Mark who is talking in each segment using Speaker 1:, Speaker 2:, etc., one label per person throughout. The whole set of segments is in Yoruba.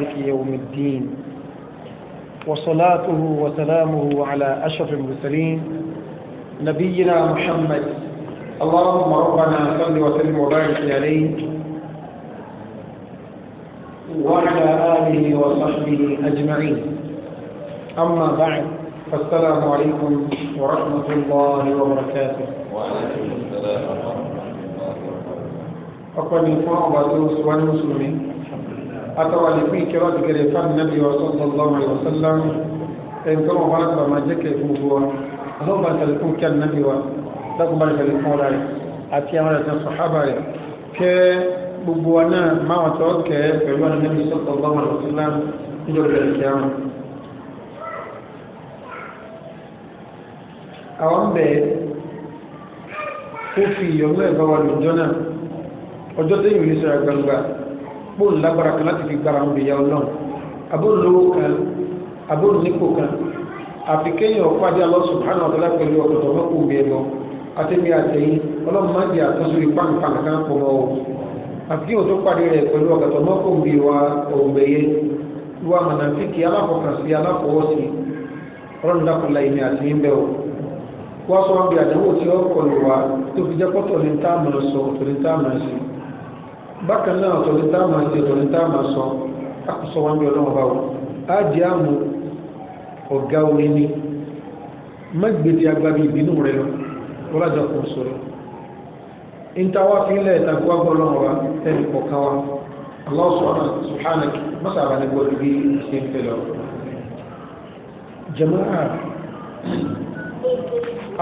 Speaker 1: مالك يوم الدين وصلاته وسلامه على أشرف المرسلين نبينا محمد اللهم ربنا صل وسلم وبارك عليه وعلى آله وصحبه أجمعين أما بعد فالسلام عليكم ورحمة الله وبركاته وعليكم السلام ورحمة الله وبركاته أقول لكم أبا سوى المسلمين atọ́wà lè pín ìkẹ́rọ́ dìgẹ̀rẹ̀ fáàmì nàbí wa sallallahu alaihi wasallam ẹni tó wọn wá gbà máa jẹ́ kẹ́ fún wa ọlọ́run bá tẹ̀lé fún kíá nàbí wa lọ́kùn bá tẹ̀lé fún ọ̀la rẹ̀ àti àwọn ẹ̀sán sọ̀hábà rẹ̀ kẹ́ gbogbo wa náà máa tọ́ kẹ́ pẹ̀lú àwọn nàbí sallallahu alaihi wasallam níjọba ìkẹ́ àwọn. àwọn bẹ kó fi ìyọ̀nú ẹ̀ lójọ́ náà ọjọ́ tẹ́yìn ní sọ̀rọ̀ bóun lágbára kan láti fi gbára àwọn ìyá ọlọ́run abóun lówó kan abóun nípò kan àfi kéèyàn ọ̀pádé Allah subhanahu wa ta'ala pẹ̀lú ọ̀pọ̀tọ̀ mọ́kù mi ẹ̀ lọ àtẹ̀mí àtẹ̀yìn ọlọ́run má jẹ́ àtúnṣe pàǹpàǹ kan pọ̀ mọ́ o àfi kéèyàn tó pàdé rẹ̀ pẹ̀lú ọ̀pọ̀tọ̀ mọ́kù mi wa òǹgbẹ̀yẹ wa mọ̀nàfíkì aláfọkànsí aláfọwọ́sí ọlọ́run dákúnlá ìmì àtẹ̀yìn bẹ́ẹ̀ o wọ́n sọ wọn bí àdánwò tí ó kọlù wa tó fi jẹ́ pọ́tọ̀ ní táàmù bákan náà tọ̀lé tá a máa ṣe tá a máa sọ àkóso wa bí ọlọ́run bá wò á jẹ́ àmú ọ̀gá orí ni mẹ́gbẹ̀dì agbábi ìbínú rẹ lọ lọ́lájọ kò ha ìntàwá fílẹ̀ ìtàkù agbọ́lọ́wọ́ wa tẹ́lẹ̀ kọ̀ọ̀kan wa Allah subhanahu mọ́sà ha. ní bí ṣe ń fẹ́ lọ. jama'a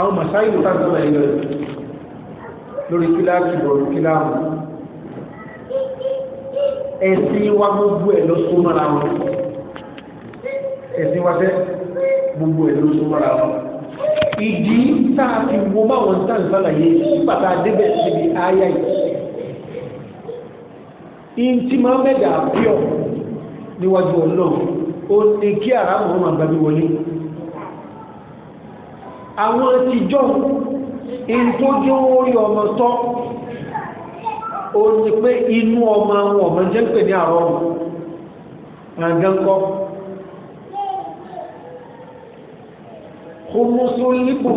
Speaker 1: àwọn masáyìí ló ká gbọ́dọ̀ lórí ẹ̀sìn wa gbogbo ẹ̀ ló sún mọ́ra wọn ẹ̀sìn wa sẹ́ gbogbo ẹ̀ ló sún mọ́ra wọn ìdí tá a fi wo báwọn ń tàn sálàyé nígbà a débẹ̀ síbi áyá yìí ntí máa ń mẹ́gà píọ̀ níwájú ọlọ́run ó ní kí àràmù ọmọ àgbàdo wọlé àwọn tìjọ́ ìtọ́jú orí ọmọ tọ́ ó ní pé inú ọmọ àwọn ọmọ jẹ́ ń pè ní àrọ́ ọ̀hún àgánkọ́
Speaker 2: kùmùsù ìbùkù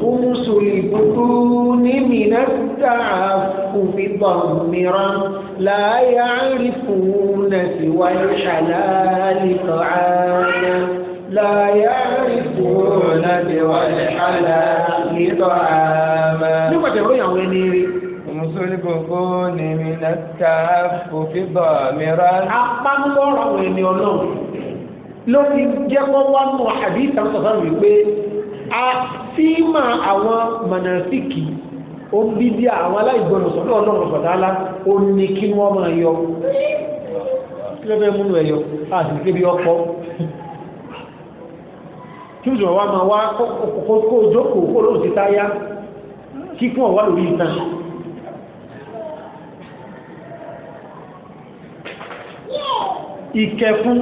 Speaker 2: خمس البطون
Speaker 1: من التعفف ضمرا لا يعرفون سوى الحلال طعاما لا يعرفون سوى الحلال طعاما Mùsùlùmí gbogbo ni mi náà ta fòfin bọ̀ mìíràn. Apá ń lọ́rọ̀ àwọn ènìyàn náà ló ti jẹ́ kó wá mọ̀ àbí ìtàn sọ̀rọ̀ wípé a ah, símà àwọn mọ̀nàfíkì ó ń bí díà àwọn aláìgbọ̀nà sọ́dọ̀ ọlọ́run sọ̀dálá ó ní kí wọ́n máa yọ kí lọ́fẹ́ múnú ẹ̀yọ àti kébi ọkọ̀ kí ó sì wọ́n máa wá kó jókòó kó lóòrùn ti táyá kí fún ọ̀wá lórí ìtàn ìkẹfún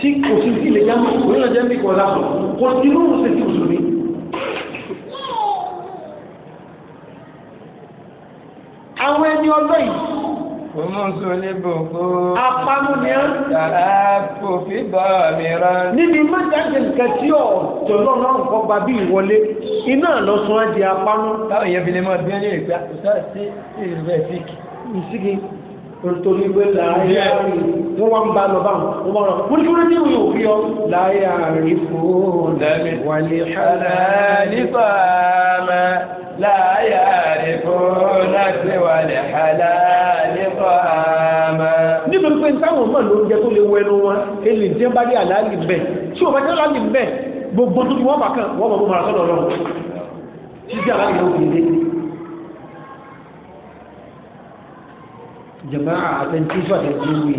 Speaker 1: tí kò sí sí ilé jámọ́ onílẹ̀ jẹ́ nípa ọ̀la sọ kò sí lóhùn sí ti mùsùlùmí. àwọn ẹni ọlọ́ yìí. Omusulibuku. Apanu ni a. Tàlá òfin bọ̀ mìíràn. Níbi májàdé nǹkan tí ọ̀ tọ̀lọ́ náà nǹkan gba bí ìwọlé, iná lọ sún á di apanu. Táwọn èèyàn fi lè máa bí ẹni rè pé àkùsà sí ìrẹsì. Ìsígi nítorí pé láyé àárín wọ́n wá ń bá lọ báwọn wọ́n bá rọ̀ wọ́n ní kí wọ́n yóò fi ọ́ láyé àárín fún lẹ́mí wàlẹ̀ halali
Speaker 3: fàmà láyé àárín fún láti wàlẹ̀ halali fàmà.
Speaker 1: nítorí pé táwọn ọmọ ló ń jẹ tó lè wọ ẹnu wọn èlé jẹ́ bá rí àlàálì bẹ́ẹ̀ tí ò bá jẹ́ àlàálì bẹ́ẹ̀ gbogbo tuntun wọ́n bá kàn wọ́n bá mú mara sọ́dọ̀ ọlọ́run jama'a àtẹnjí sọ̀tẹ̀jú wí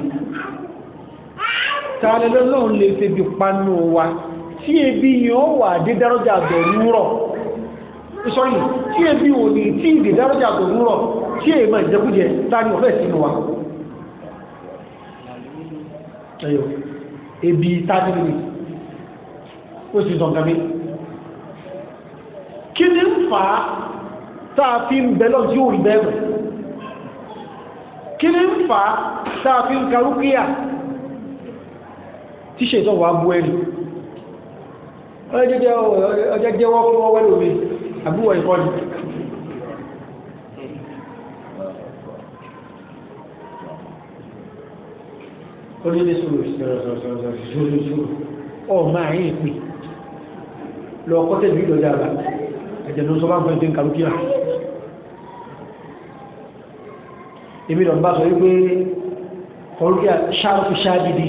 Speaker 1: tààlẹ́lọ́lọ́run lè febi panu wa tí ebi yóò wà dé dárọ́jà bẹ̀rù rọ̀
Speaker 2: sọ́rí tí ebi ò
Speaker 1: ní tí ìdè dárọ́jà bẹ̀rù rọ̀ tí èèmọ̀ ìjẹkújẹ tani ọ̀fẹ́ sínú wa ẹ̀yọ̀ ebi tani mi ó sì sọ̀nkà mi kí ni ń fà á tá a fi ń bẹ lọ́n tí ó rí bẹ́ẹ̀ mọ̀ kí ni ń fà á tá a fi ń ka rúkìá tí ṣètò wàá bu ẹni ọjọ́ jẹ́wọ́ fún ọwọ́ lómi àbúwọ̀ ìkọ́ni. onílé sòrò sòrò sòrò ọ máa yín pè lọ kọ́tẹ́ bí lọ́jà àgbà ẹ̀jẹ̀ ló sọ bá ń fẹ́ dín kàlùkì rà. èmi lọ bá sọ wípé kọ̀ọ̀rùkì ṣáàfù ṣáàdìdì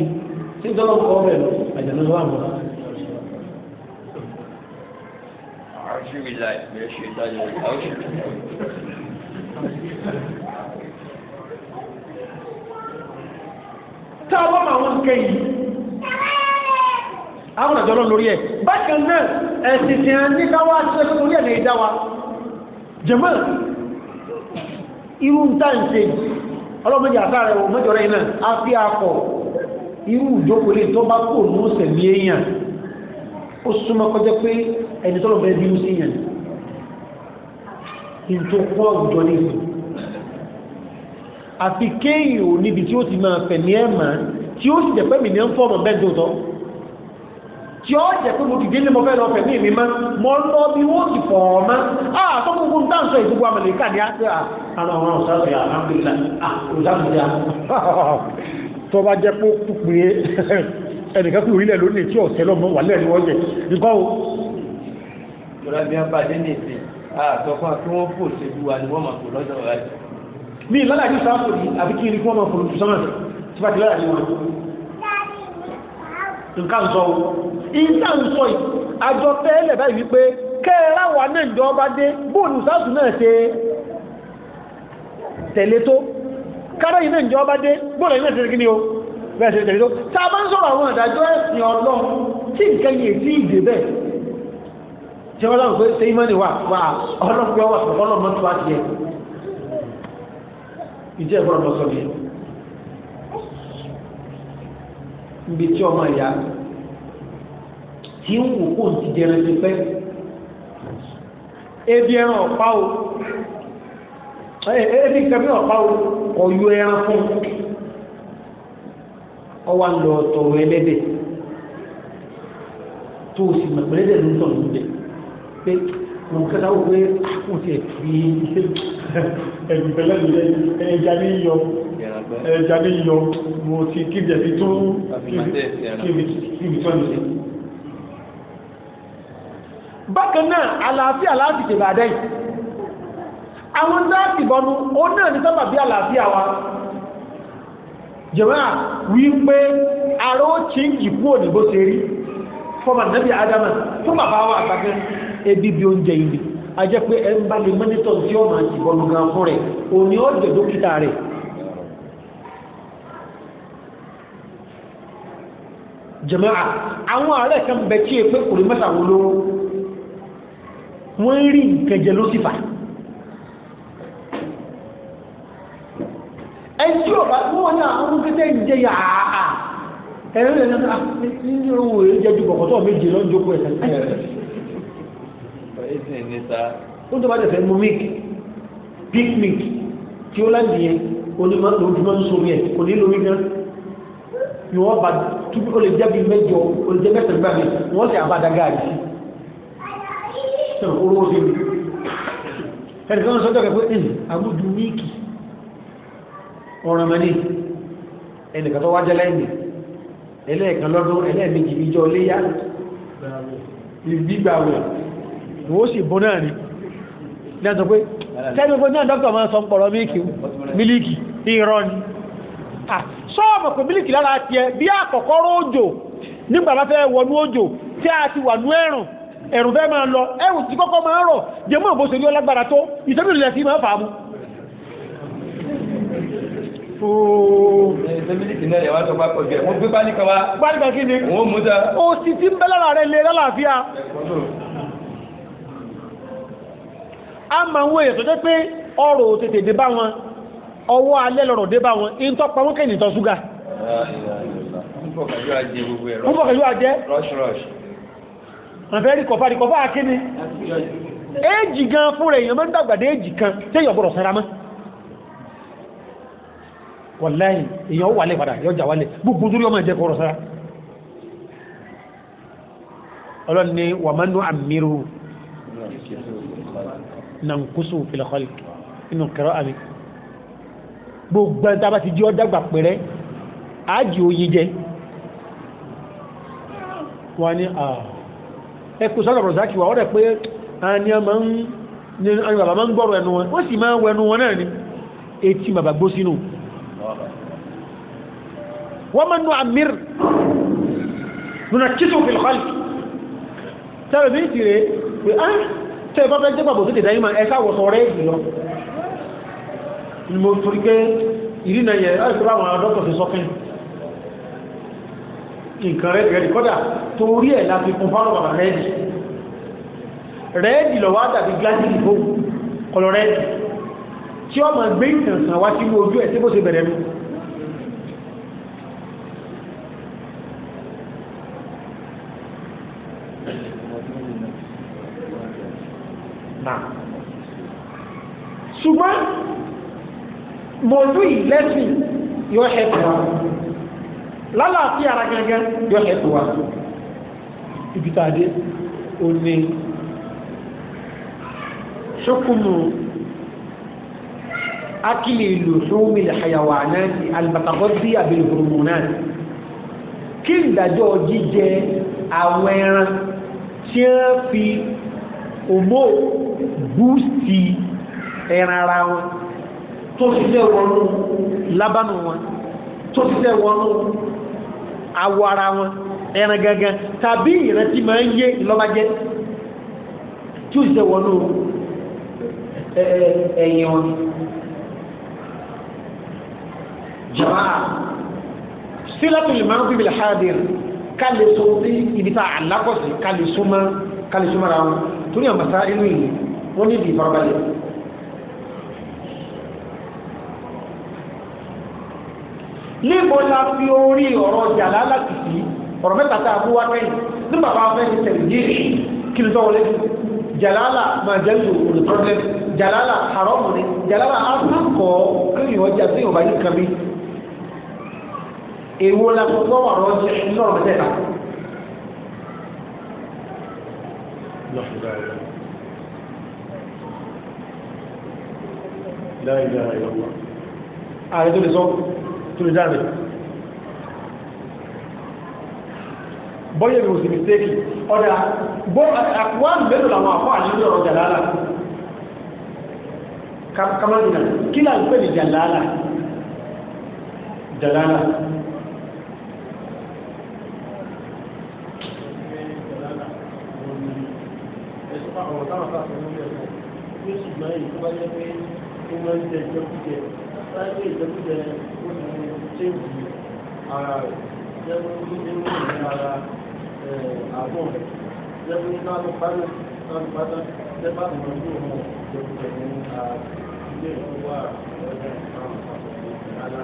Speaker 1: tí ń tọ́lọ́ kọ́ ọ̀rẹ́ lọ àjàlọ́ sọ àwọn. tá a wọ́n máa wọ́n kẹ́ yìí
Speaker 2: àwọn àjọ lọ lórí ẹ̀ bákan náà ẹ̀sìn tí a ní káwá ṣe fún orí ẹ̀ lè dá wa
Speaker 1: jẹ̀mọ́ irú ń tàǹtẹ̀ ọlọ́mọdé àtàrẹ ò mọ́jọ rẹ̀ náà á fi akọ̀ irú ìjókòlé tó bá kò ní ọ̀sẹ̀ ní èèyàn ó súnmọ́ kọjá pé ẹni tọ́lọ̀ bẹ́ẹ̀ bí ó sí yàn ní tó pọ̀ ìjọ ní àfi kéèyàn níbi tí ó ti máa fẹ̀ ní ẹ̀mà tí ó sì jẹ́ tí ó jẹ́ pé mo dìde ní mo fẹ́ lọ fẹ̀mí mi mọ́ mo lọ bí wọ́n ti fọ̀ ọ́ mọ́ àà tó gbogbo ń tàn sọ ìdúgbò amẹ̀lẹ́kà ní àti àwọn ọ̀rọ̀ ọ̀sán alhamdulillah àkùrùsàmùdà tó bá jẹ́ pé ó pè ẹnìkan kúrò ilẹ̀ lónìí tí ọ̀sẹ̀ lọ́mọ wà lẹ́ẹ̀ ni wọ́n jẹ nǹkan o. ìjọba bí wọn bá dé ní ìsìn àtọ fún wa kí wọn fò ṣèlú wa ni wọn máa fò lọ́jọ́ ọ̀la jù. mi ìlànà àti sáfò yìí fò nǹkan sọ o nǹkan sọ yìí àjọ tẹ́lẹ̀ báyìí wípé kẹ́ẹ̀rá wa náà jọ ọba dé bóòlù sáàtù náà ṣe tẹ̀lé tó kárá yìí náà jọ ọba dé bóòlù yìí náà ṣe kíni o bẹ́ẹ̀ ṣe tẹ̀lé tó tá a bá ń sọ̀rọ̀ àwọn àdájọ́ ẹ̀sìn ọlọ́run tí nǹkan yìí tí ìdè bẹ́ẹ̀ tí wọ́n dáhùn pé ṣé ìmọ̀ni wà wà ọlọ́run pé wà ọlọ́run mọ́tò wá ìjẹ́ ìfọ̀rọ̀ lọ́sọ̀rọ̀ níbi tí ọmọ ìyá tí ń wò kó ti jẹrán ti pẹ́ ebi ẹran ọ̀pá o ebi nǹkan bí ọ̀pá o ọ̀yọ́ ẹran fún ọwọ́ ń lọ tọ̀wọ̀ ẹlẹ́dẹ̀ tó o sì mọ̀ pé ẹlẹ́dẹ̀ ló ń tọ̀ níbẹ̀ pé wọn kẹta wò pé kò ah, tiẹ̀ fi ẹ̀dùn pẹ̀lẹ́ mi lẹ́yìn ní yọ. ẹja lílọ mo ti kíbi ẹ̀fí tó kíbi tó ní. bákan náà àlàáfíà láti tèbà dẹ́yìn àwọn dáàtì bọnu ó náà ní wa jẹ̀wọ́n wípé aro tí ń jìkú òdìbò ṣe rí adama fún bàbá wa ebi bí oúnjẹ a pé ẹ ń bá lè mọ́nítọ̀ tí ó máa jìbọnu gan fún jama'a àwọn ààrẹ kan bẹ tí èpè kò lè mẹ́ta wọn lówó wọ́n ń rí nǹkan jẹ ló sì fà ẹjú ọ̀bá tí wọ́n ní àwọn olùkẹ́tẹ́ ń jẹ yà á ẹ̀rọ ìrìn náà ní owó èrè jẹ́ ju bọ̀kọ̀tọ̀ méje lọ́n jókòó ẹ̀sẹ̀ ó tó bá tẹ̀ fẹ́ mú mílíkì píkmíkì tí ó láǹdì yẹn onímọ̀ tó ń fi máa kò ní lórí náà ni wọ́n bá tubi ó lè jẹ́ bíi mẹ́jọ ó lè jẹ́ mẹ́sàn gbà mí wọ́n sì àbá dàgá rí sí orúkọ sí mi ẹnì kan sọ́jọ́ kẹ́kọ́ ẹ̀yìn àbújú wíìkì ọ̀ràn mẹ́ni ẹnì kan tó wájẹ́ lẹ́yìn ẹlẹ́ẹ̀kan lọ́dún ẹlẹ́ẹ̀mejì ìjọ léyà ìgbígbàwẹ̀ wọ́n sì bọ́ náà ni lẹ́sọ̀ pé tẹ́lifíṣọ́ náà dókítà máa sọ ń pọ̀rọ̀ mílíkì ìrọ̀ Ah, sọ́ọ̀bù pé mílíkì lára tiẹ̀ bí àkọ́kọ́rọ́ òjò nígbà bá fẹ́ wọnú òjò tí a ti wà nú ẹ̀rùn ẹ̀rùn fẹ́ máa lọ ẹ̀rùn tí kọ́kọ́ máa ń rọ̀ jẹ́ mọ́ òbóṣe ní ọlágbára tó ìtẹ́bí ìrìnlẹ̀ sí máa fà á mú. ó sì ti ń bẹ́ lára rẹ̀ lé lálàáfíà a máa ń wọ èyàn tó jẹ́ pé ọrọ̀ tètè dé bá wọn ọwọ́ alẹ́ lọ́rọ̀ dé bá wọn in tó pa wọ́n kẹ́yìn ìtọ̀ ṣúgà ń bọ̀ kẹjú àjẹ́ ọ̀fẹ́ rí kọfà rí kọfà akíní éjì gan fún rẹ̀ èèyàn mọ́ ń dàgbàdé éjì kan tí èèyàn gbọ́dọ̀ sára mọ́ wọ̀lẹ́yìn èèyàn wà lẹ́ padà yọjà wálẹ̀ gbogbo torí ọmọ ìjẹ́ kọrọ̀ sára ọlọ́ni wà mọ́nú àmìrù nàǹkúsù fil khalq inú kẹrọ àmì gbogbo ẹni tí a bá ti di ọ́ dàgbà pẹ̀rẹ́ àájì òye jẹ wọn ni ah, ẹkù sọ́dọ̀ rọ̀sáàkì wà ọ́rẹ̀ pé àni bàbá máa ń gbọ́rọ̀ ẹnu wọn wọ́n sì máa ń wẹnu wọn náà ni etí bàbá gbó sínú wọ́n máa ń nu amir nuna kíso fìlọ́ọ̀lì tẹ́lẹ̀ mi ti rè pé á ah, tẹ́lẹ̀ bá fẹ́ jẹ́ pàbó dáyé máa ẹ sáwọ́sọ rẹ̀ jùlọ ni mo torí pé ìrìnà yẹ láti rọ àwọn dọ́kítọ̀ ti sọ fún nǹkan rẹ̀ rẹ̀ kọ́dà torí ẹ̀ láti kún fáwọn bàbá rẹ́ẹ̀dì rẹ́ẹ̀dì lọ́wọ́ àdàbí gíláàsì ìbò kọlọ̀ rẹ́ẹ̀dì tí ó máa gbé ìtànsán wá sínú ojú ẹ̀ tí bó ṣe bẹ̀rẹ̀ ṣùgbọ́n mọ̀lú ìlẹ́sìn yóò hẹ́pù wa lálàáfíà ara gẹ́gẹ́ yóò hẹ́pù wa ibi tàdé ó ní ṣókùnù akílì ìlú ṣóhùnmí ìhàyàwó àná ti alìbàtàkọ́ sí àbẹ̀lẹ̀kùnmù náà kí ìdájọ́ jíjẹ àwọn ẹran tí ó fi òmò búùsì ẹran ara wọn tó sì fẹ́ wọnú lábánú wọn tó sì fẹ́ wọnú awọ ara wọn ẹran gangan tàbí ìrántí máa ń yé ìlọ́bàjẹ́ tí ó sì fẹ́ wọnú ẹ̀yìn wọn. jàmáà sílẹ̀tù lè máa ń bíbélì háàdìr ká lè so ibi tá a lákọ̀sí ká lè so mọ́ wọn torí àwọn màsá inú ìlú wọn ní ìdí ìfarabalẹ̀. níbo la fi orí ọ̀rọ̀ jàlá láti fi ọ̀rọ̀ mẹ́ta tá a bú wá kẹ́yìn ní bàbá fẹ́ ní tẹ̀lẹ́dì kí ló tọ́wọ́lé jàlálà máa jẹ́ lu olùtọ́lẹ̀ jàlálà haramu ni jàlálà akọ̀kọ̀ kéèyàn ọjà tí yóò bá yí kan bí èwo la fọ́ fọ́ ọ̀rọ̀ ọjà lọ́rọ̀ mẹ́tẹ̀ẹ̀ta. láì dára yọ̀ wá. ààrẹ lè sọ tó lè dáàmì bọ́yẹ̀ mi ò sì mistake ọ̀dà bọ́ àkùwáàmù mélòó làwọn àkọ́ àṣírí ọ̀rọ̀ jàlálà kamarina kí là ń pè ní jàlálà jàlálà
Speaker 2: ṣùgbọ́n ìgbàlẹ́ pé ó máa ń jẹ ìjọkújẹ láti ìjọkújẹ ó ti
Speaker 1: ṣéèkì ara rẹ̀ jẹ́wọ́ nínú ìrìn ara àbọ̀ rẹ̀ jẹ́wọ́ lálọ́ pálọ̀ lálọ́ pátá jẹ́pà lọ́wọ́ ní òun jẹ́wọ́ pẹ̀lú ilé ìfowó ọjà àwọn àlá.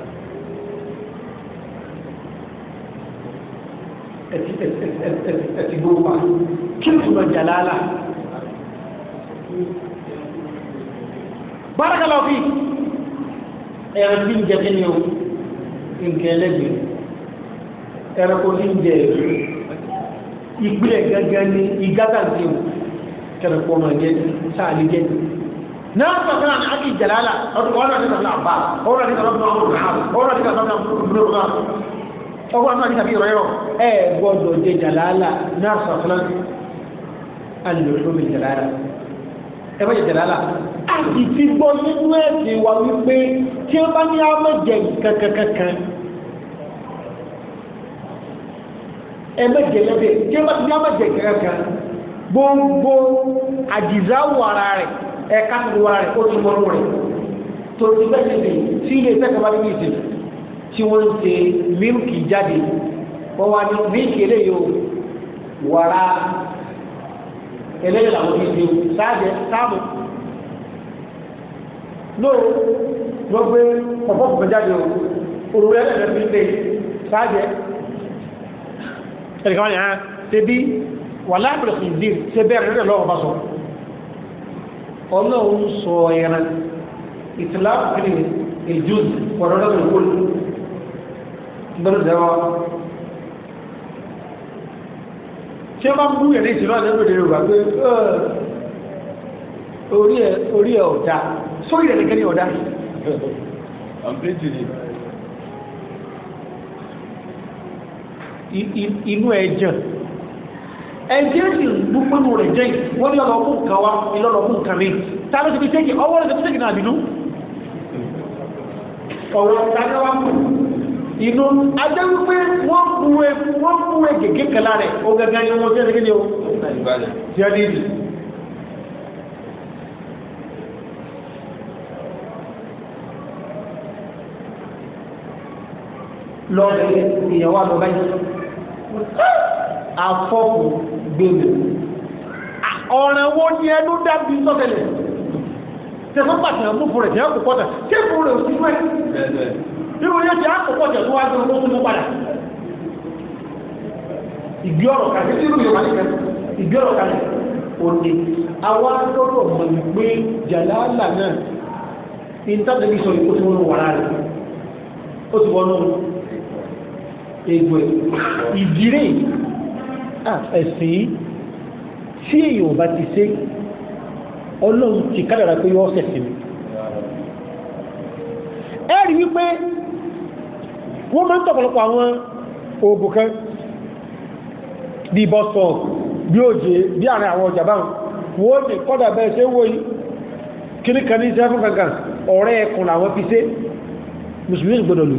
Speaker 1: Ẹ̀tì gbogbo kí ló túnbọ̀ jà lálá? Bárakàlá fi ẹ̀rọ bí ń jẹ́ kí ni o? nǹkan ẹlẹ́gbẹ̀ẹ́ ẹranko ní jẹ ìpínlẹ̀ gángan ní igátà ní o kẹrẹ̀kọ́ ọmọ jẹ sáàlì jẹ náà sọ̀rọ̀ àti àti ìjàlálà ọdún ọ̀rọ̀ àti sọ̀rọ̀ àbá ọ̀rọ̀ àti sọ̀rọ̀ àbá ọ̀rọ̀ àti sọ̀rọ̀ àbá ọgbọ́n náà ní tàbí ìrọ̀ ẹ̀rọ ẹ gbọ́dọ̀ jẹ jàlálà náà sọ̀rọ̀ àti lọ́sọ̀rọ̀ àlùfẹ́ mi jàlálà ẹ bá jẹ jàlálà sì ti gbọ́ nínú ẹ̀sìn wa wípé tí ó bá ní a má jẹ kankankankan ẹ má lẹ́bẹ̀ tí ó bá ní a má jẹ kankankan gbogbo àjìzáwò ara rẹ̀ ẹ̀ka tó wà rẹ̀ ó ti mọ́nú rẹ̀ tó ti bẹ́ẹ̀ tètè sí ilé iṣẹ́ kan bá ní ìsìn tí wọ́n ń ṣe mílìkì jáde wọ́n wá ní mílìkì eléyìí o wàrà eléyìí làwọn fi ṣe o sáàjẹ lóò lọ pé ọ̀pọ̀ kò jáde o òrò rẹ̀ lẹ́nu fi ń lè ṣáàjẹ́ ẹ̀rìkà wọn ni hàn ṣe bí wà láàbùrẹ̀ kì í dì ṣe bẹ́ẹ̀ rẹ̀ lọ́wọ́ bá sọ ọlọ́run sọ ẹran ìtìláàbù kiri ìjùz ọ̀rọ̀ lọ́wọ́ ìkólú gbọ́dọ̀ dẹ́wọ́ tí wọ́n bá ń bú yẹn ní ìṣúná lẹ́nu ìdèrè wà pé orí ẹ̀ ọ̀dà sórí rẹ̀ nìkan ni ọ̀dá. inú ẹ jẹ ẹjẹ sì ń dúpọ́nù rẹ̀ jẹ́ wọ́n ní ọlọ́kùn nǹkan wá ìlọ́lọ́kùn nǹkan mi ta ló ti fi tẹ́kì ọwọ́ rẹ̀ ti fi tẹ́kì náà bínú ọ̀rọ̀ ìtajà wá kù inú ajẹ́ wípé wọ́n bu ẹ e, e gègé kan lára ẹ̀ ó gẹ́gẹ́ ni wọ́n ti ẹ̀ lọ bẹ̀rẹ̀ èèyàn wà lọ báyìí afọ́kù gbèmí ọ̀ràn wo ni ẹnu dábì sọ́tẹ̀lẹ̀ tẹ̀fọ́ pàṣẹ àwọn fúnfún rẹ̀ tẹ̀yà kò pọ̀tà kéfù rẹ̀ òsì fún ẹ̀ nínú yẹn tẹ̀yà kò pọ̀tà tó wá gbé owó tó mú padà ìgbé ọ̀rọ̀ kàlẹ̀ nínú yorùbá nìkan ìgbé ọ̀rọ̀ kàlẹ̀ òde àwa lọ́rọ̀ mọ̀ pé jàlálà náà ìtàdébí sọ ìkó tí wà láàrin ó ti wọ́n náà egbò ìdírè ẹ̀sìn tí èèyàn bá ti ṣe ọlọ́run ti kádàrà pé yọ́ sẹ̀sìn mi ẹ̀rí wípé wọ́n máa ń tọ̀pọ̀lọpọ̀ àwọn oògùn kan bí bọ́sọ̀ bí òjè bí àárín àwọn ọjà báwọn wọ́n ní kọ́dà bẹ́ẹ̀ ṣe wọ́n kíníkan ní sẹ́fún kankan ọ̀rẹ́ ẹkùn làwọn fi ṣe mùsùlùmí gbọ́dọ̀ lù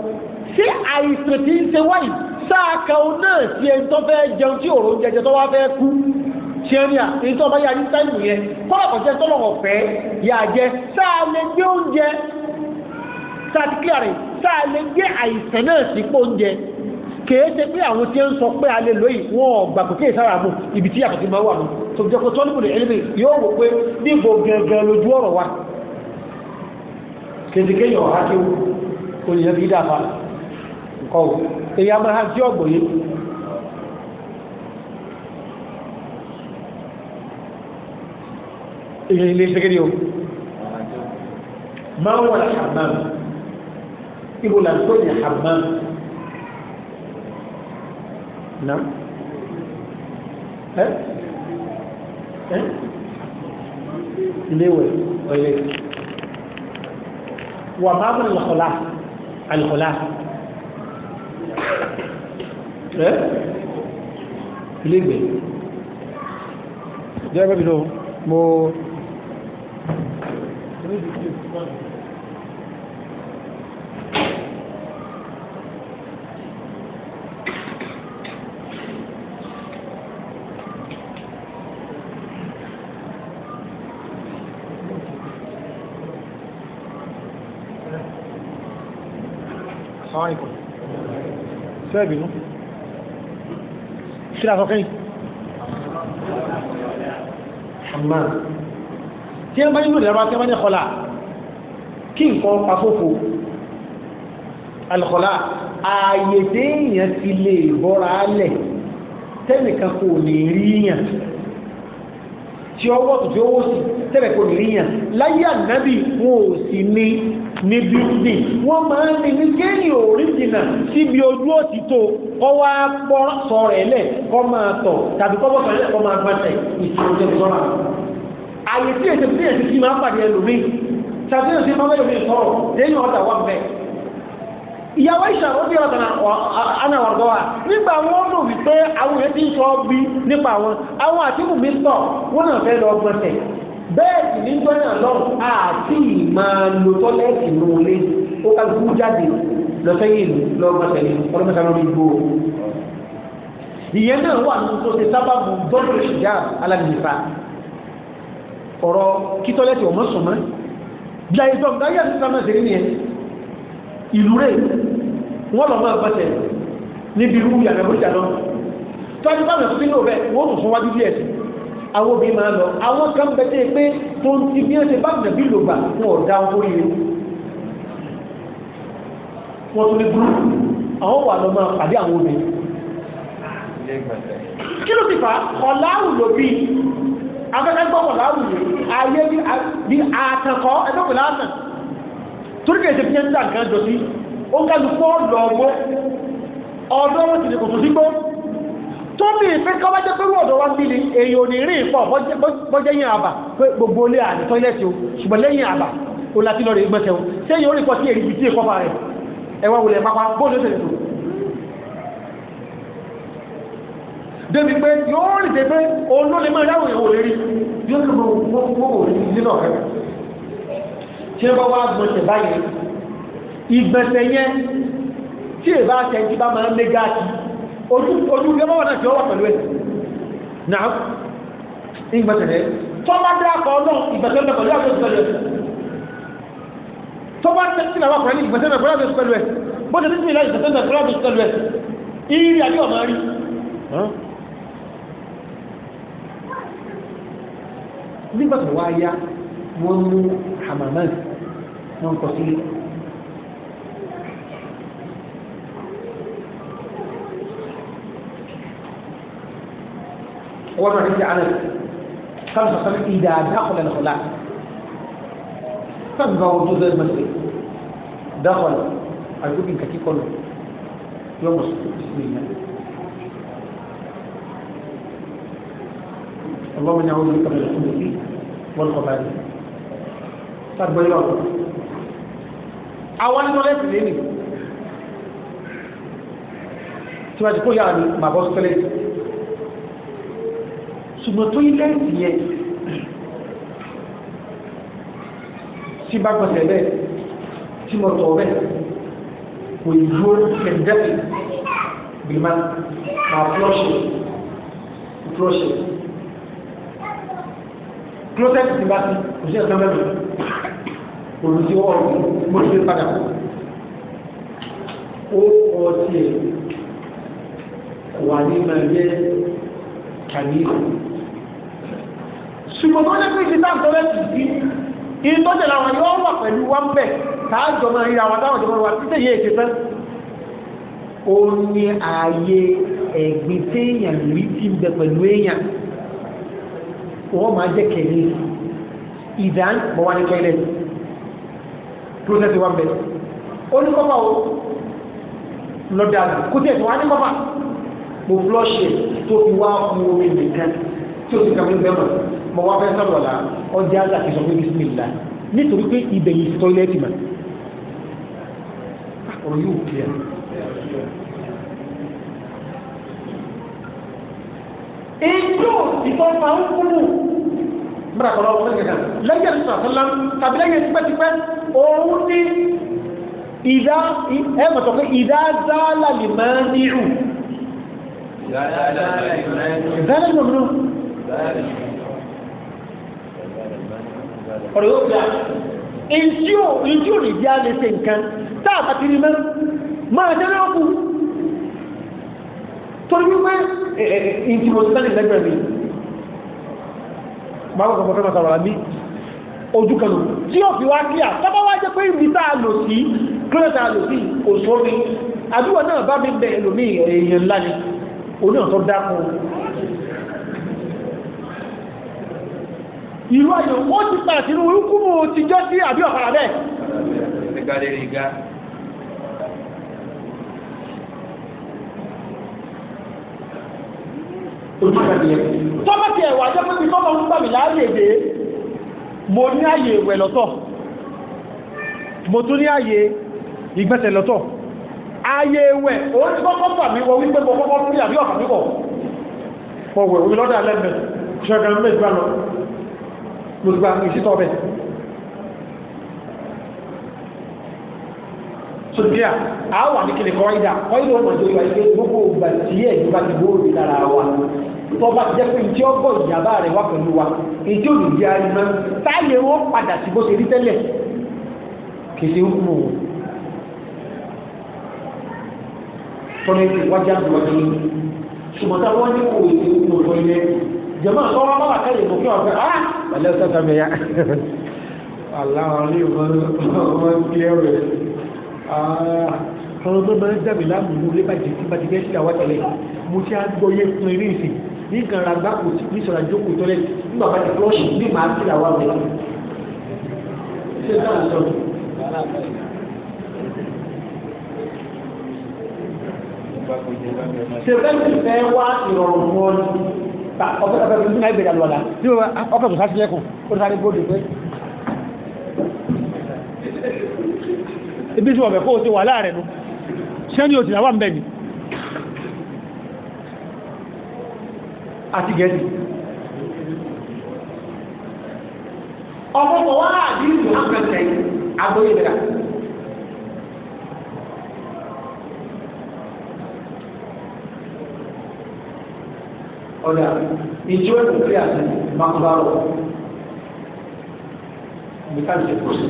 Speaker 1: ṣé àìsàn tí ń ṣe wáyé sáà kan náà sí ẹni tó fẹ́ jẹun tí òòrùn jẹjẹ tó wá fẹ́ kú tiẹ́nìà èyí tó bá yà ní sáìmù yẹn kọ́lá kọ̀jẹ́ tọ́lọ̀ ọ̀fẹ́ yà jẹ sáà lè gbé oúnjẹ sáà ti kíláà rẹ̀ sáà lè gbé àìsàn náà sí pé oúnjẹ kèé ṣe pé àwọn tí ń sọ pé a lè lóyìn wọn ọgbà kò kéè sára mú ibi tí àkàtì máa wà mú tó jẹ́ pé tọ́lùmùlù ẹlẹ́mì yóò wò pé níbo gẹ̀ẹ́gẹ̀ẹ́ lójú ọ̀rọ̀ wa kèdèkéyàn ọ̀há kéwù olùyẹ́ fi قوم اي امرها جوبي اي لي سكريو ما هو الحمام يقول لك كل حمام نعم ها ها ليه وين وما من الخلاف الخلاف ẹ́ ilégbè jẹ́ ẹgbẹ́ bìtò mo Sabe, não? kíra sọ kẹ́yìn hammam tí ẹ bá nínú ìdára tí ẹ bá ní kọlá kí nǹkan pàfófò alkọlá ààyè déèyàn ti lè bọ́ra alẹ̀ tẹ́nìkan kò ní rí yàn tí ọwọ́ tó fi owó sí tẹ́nìkan kò ní rí yàn láyé ànábì wọn ò sì ní ní bíúndì wọ́n máa ń ní kéènì òríjìnà síbi ojú òtítọ́ ọwọ́ apọ́ sọ̀rọ̀ ẹ̀lẹ̀ kọ́ máa tọ̀ tàbí kọ́ bọ́sọ̀ ẹ̀lẹ̀ kọ́ máa gbàtẹ̀ ìṣòro sọ́ra. àyè tí èsì tí èsì kí máa pàdé ẹlòmíì ṣàtúnyẹ̀ sí máa bẹ̀rẹ̀ sọ̀rọ̀ lẹ́yìn ọ̀tà wà bẹ́ẹ̀. ìyàwó ìṣà ó bí ọ̀tàn anáwọ̀dọ́ wa nígbà wọn lò wípé àwọn èyí ti ń sọ bí nípa àwọn àwọn àtìkù mi sọ wọn náà fẹ́ lọ gbọ̀nsẹ̀ bẹ́ẹ̀ sì ní jọ́nà náà àti máa lo tọ́lẹ́ẹ̀tì nù lé ó ká gbú jáde lọ́sẹ̀yìn lọ́gbọ̀nsẹ̀lẹ̀ ọlọ́mọsàlórí gbòó ìyẹn náà wà ní tó ṣe sábàbù dọ́lù ìṣìyà alágbèfà ọ̀rọ̀ kítọ́lẹ́tì ọmọ sọmọ gba ìjọ ìdáyà ní sámẹ́ sí ní ẹ ìlú rẹ̀ wọ́n lọ máa bọ́tẹ̀ níbi irú ìyàgbẹ́ bójá lọ tọ́jú bá mẹ́sùn nínú rẹ̀ wọ́n mú fún wájú díẹ̀ sí àwọn obìnrin máa lọ àwọn kan bẹ̀tẹ̀ pé tó ń ti bí wọ́n ṣe bá nàbí lò gbà fún ọ̀dà orí rẹ̀ wọ́n tún lè burú àwọn wà lọ máa pàdé àwọn obìnrin. kí ló ti fà ọ̀làwù ló bí afẹ́fẹ́gbọ́ ọ̀làwù yìí ayé bí àtàkọ́ ẹgbẹ́ pẹ̀lú àtàn torí kìí ṣe fi ẹ́ ń dà nǹkan jọ sí ó kálukú ọ̀dọ̀ ọgbọ́ ọ̀dọ́ wọn ti kò tó sí tó bí ìpín kọ́ bá jẹ́ pé wọ́n wá bí ni èyí ò ní rí ìpọ̀ bọ́jẹ́ yìn àbà pé gbogbo ilé àti tọ́lẹ́tì o ṣùgbọ́n lẹ́yìn àbà o láti lọ rí gbẹ́sẹ̀ o ṣé yóò rí pọ̀tí èrì bìtì ìkọ́fà rẹ̀ ẹ̀wà wulẹ̀ pápá bóòlù ó tẹ̀lé tó. débi pé yóò rí dé pé òun ló lè mọ ìdáhùn ìwò rẹ̀ rí yóò lè mọ owó rí nínú ọ̀rẹ́ tí ẹ bá wá gbọ̀nsẹ̀ báyìí ìgbẹ̀sẹ̀ yẹn tí èbá tẹ̀ ojú ojú gẹ́gẹ́ wọn náà ti ọwọ́ pẹ̀lú ẹ̀ náà ìgbà tẹ̀lé tọ́ba dé akọ ọlọ́run ìgbà tẹ̀lé pẹ̀lú àti oṣù pẹ̀lú ẹ̀ tọ́ba dé sí làwọn akọ̀rẹ́ ní ìgbà tẹ̀lé pẹ̀lú àti oṣù pẹ̀lú ẹ̀ bó ti sísìn ìlà ìgbà tẹ̀lé pẹ̀lú àti oṣù pẹ̀lú ẹ̀ ìrì àbí ọ̀mọ rí. nígbà وضع عند عدد خمسة خمسة إذا دخل الخلاء فبقى وجود المسجد دخل أقول إنك كي كله يوم بسم الله اللهم نعوذ بك من الخبث والخبائث فبقى يوم àwọn nínú lẹ́sìn lẹ́nìí tí wọ́n ti kó yára ní màbọ́ sọ́lẹ́sì ṣùgbọ́n tó ilé ìyẹn tí bá pọ̀sẹ̀ bẹ́ẹ̀ tí mo tọ̀ bẹ́ẹ̀ kò dúró ẹ̀dẹ́pì bìmá máa flọ́ṣẹ̀ flọ́ṣẹ̀ closest ti bá ti kò sí ẹ̀sán mẹ́rin òun ti wọ́n mo ti padà ó kọ́ tiẹ̀ wà ní màá yẹ kàmí ṣùgbọ́n tó lẹ́kùn ìṣe táà tọ́lẹ̀ tì sí iye tó jẹ̀ làwọn yóò wà pẹ̀lú wa ń bẹ̀ káàjọ máa ríra wa táwọn jọmọ wa títẹ̀ yé ètè fẹ́. ó ní ààyè ẹ̀gbin téèyàn rí ti ń bẹ pẹ̀lú èèyàn wọ́n máa jẹ́ kẹ̀lé ìdán mọ́ wá ní tọ́lẹ̀ process wa ń bẹ̀. ó ní kọ́pà o lọ́dà kó tẹ̀ tó wá ní kọ́pà mo flush it tó fi wá kú omi nìkan tí o sì kàwé bẹ́ẹ̀ mọ̀ mo wá fẹ́ sọ̀rọ̀ la ọjà àti sọ pé bisimilá nítorí pé ibẹ̀ yìí tọ́lẹ́tì mà
Speaker 2: ah, ọ̀rọ̀ yóò kí ẹ.
Speaker 1: Èjò ìfọ̀nfà ń kúrú. Mbàrà kọ̀ọ̀lọ́ wọlé kankan. Lẹ́yìn ẹ̀sùn àtọ́lá tàbí lẹ́yìn tipẹ́tipẹ́ òun ní ìdá ẹ mọ̀tọ̀ pé ìdá zálà lè máa ń níhù.
Speaker 2: Zálà lè máa ń níhù ọ̀rọ̀ yóò fi à
Speaker 1: ìjú ìjú òrìdí á lè ṣe nǹkan tá a pàtìrì mẹ́ máa jẹ́ náà kú torí wípé ìtìmọ̀sílẹ̀ lẹ́gbẹ̀ẹ́ mi máa ń kọ̀ọ̀kan máa sọ̀rọ̀ àbí ojú kan tí ó fi wá kí à tọ́bá wá jẹ́ pé ibi tá a lò sí kílẹ̀ tá a lò sí òṣùwọ́n mi àdúgbò náà bá mi bẹ̀ ẹlòmíì èèyàn ńlá ni oníyàn tó dákun ìlú ayò ó ti padà sínú orúkúmù ti jọ́ sí àbí ọ̀pára bẹ́ẹ̀. ìgbà lè rí ga. tọ́lá ti ẹ̀wà jẹ́ pé tọ́lá ń gbà mí láàyè dé mo ní àyè ìwẹ̀ lọ́tọ̀ mo tún ní àyè ìgbẹ́sẹ̀ lọ́tọ̀ àyè ìwẹ̀ o ti kọ́kọ́ fà mí wọ wípé mo kọ́kọ́ fún àbí ọ̀pá mi kọ̀ pọ̀wẹ̀ omi lọ́dà lẹ́nu ṣẹ́gun mo ti gba mi ìṣítọ́ bẹ́ẹ̀. so díẹ̀ a wà ní kele kọ́ ìdá kọ́ ìdá ọmọ ìjọ ìwà ìgbé gbogbo ìgbà tí ẹ̀ ìgbà tí gbòòrò lára wa tọba jẹ́ pé ìjẹ́ ọgbọ́ ìjàmbá rẹ̀ wá pẹ̀lú wa ìjẹ́ olùdí arimọ́ táyé wọn padà sí bó ṣe rí tẹ́lẹ̀ kèsè ń mú un. tọ́lá ìpè wájà ń wọlé ṣùgbọ́n táwọn ní kò èdè ń ilé jẹ̀mọ́ sọ́wọ́n bá wà káyè mọ́ kí wọ́n fẹ́ ah wàlẹ́ ọ̀sẹ̀ kàmẹ́ ya aláwọ̀ ní ìwọ̀n kí ẹrù ẹ̀ ọ̀rọ̀ tó bẹ̀rẹ̀ dàbí láàmú lé bàjẹ́ tí bàjẹ́ kẹ́ sí àwọn tẹ̀lé mo ti á gbọ́ yé fún eré ìsìn ní kan ra gbáko ní sọ̀rọ̀ àjókòó tọ́lẹ̀ nígbà bá ti flọ́ọ̀ṣì ní màá kí làwọn àwọn ṣé táà sọ ṣe fẹ́ẹ́ fẹ́ wá ìrọ̀rùn wọn ta ọ̀fẹ́ ọ̀fẹ́ ọ̀fẹ́ ìdúnà ìgbèrè àlùwàlà tí ó ọkọ̀ tó sásí ẹkùn ó sáré gbódò pé ibi tí wọ́n bẹ̀ kó o ti wà láàrẹ̀ nu ṣé ní òtìlá wà ń bẹ̀ ni àti gẹ̀ẹ́sì ọ̀pọ̀pọ̀ wá àdínú àpẹẹsẹ̀ àgbóyè bẹ̀rẹ̀ ọ̀dà ìjọ ẹ̀kọ́ pé àti makobaro nìkan ṣe kó sí.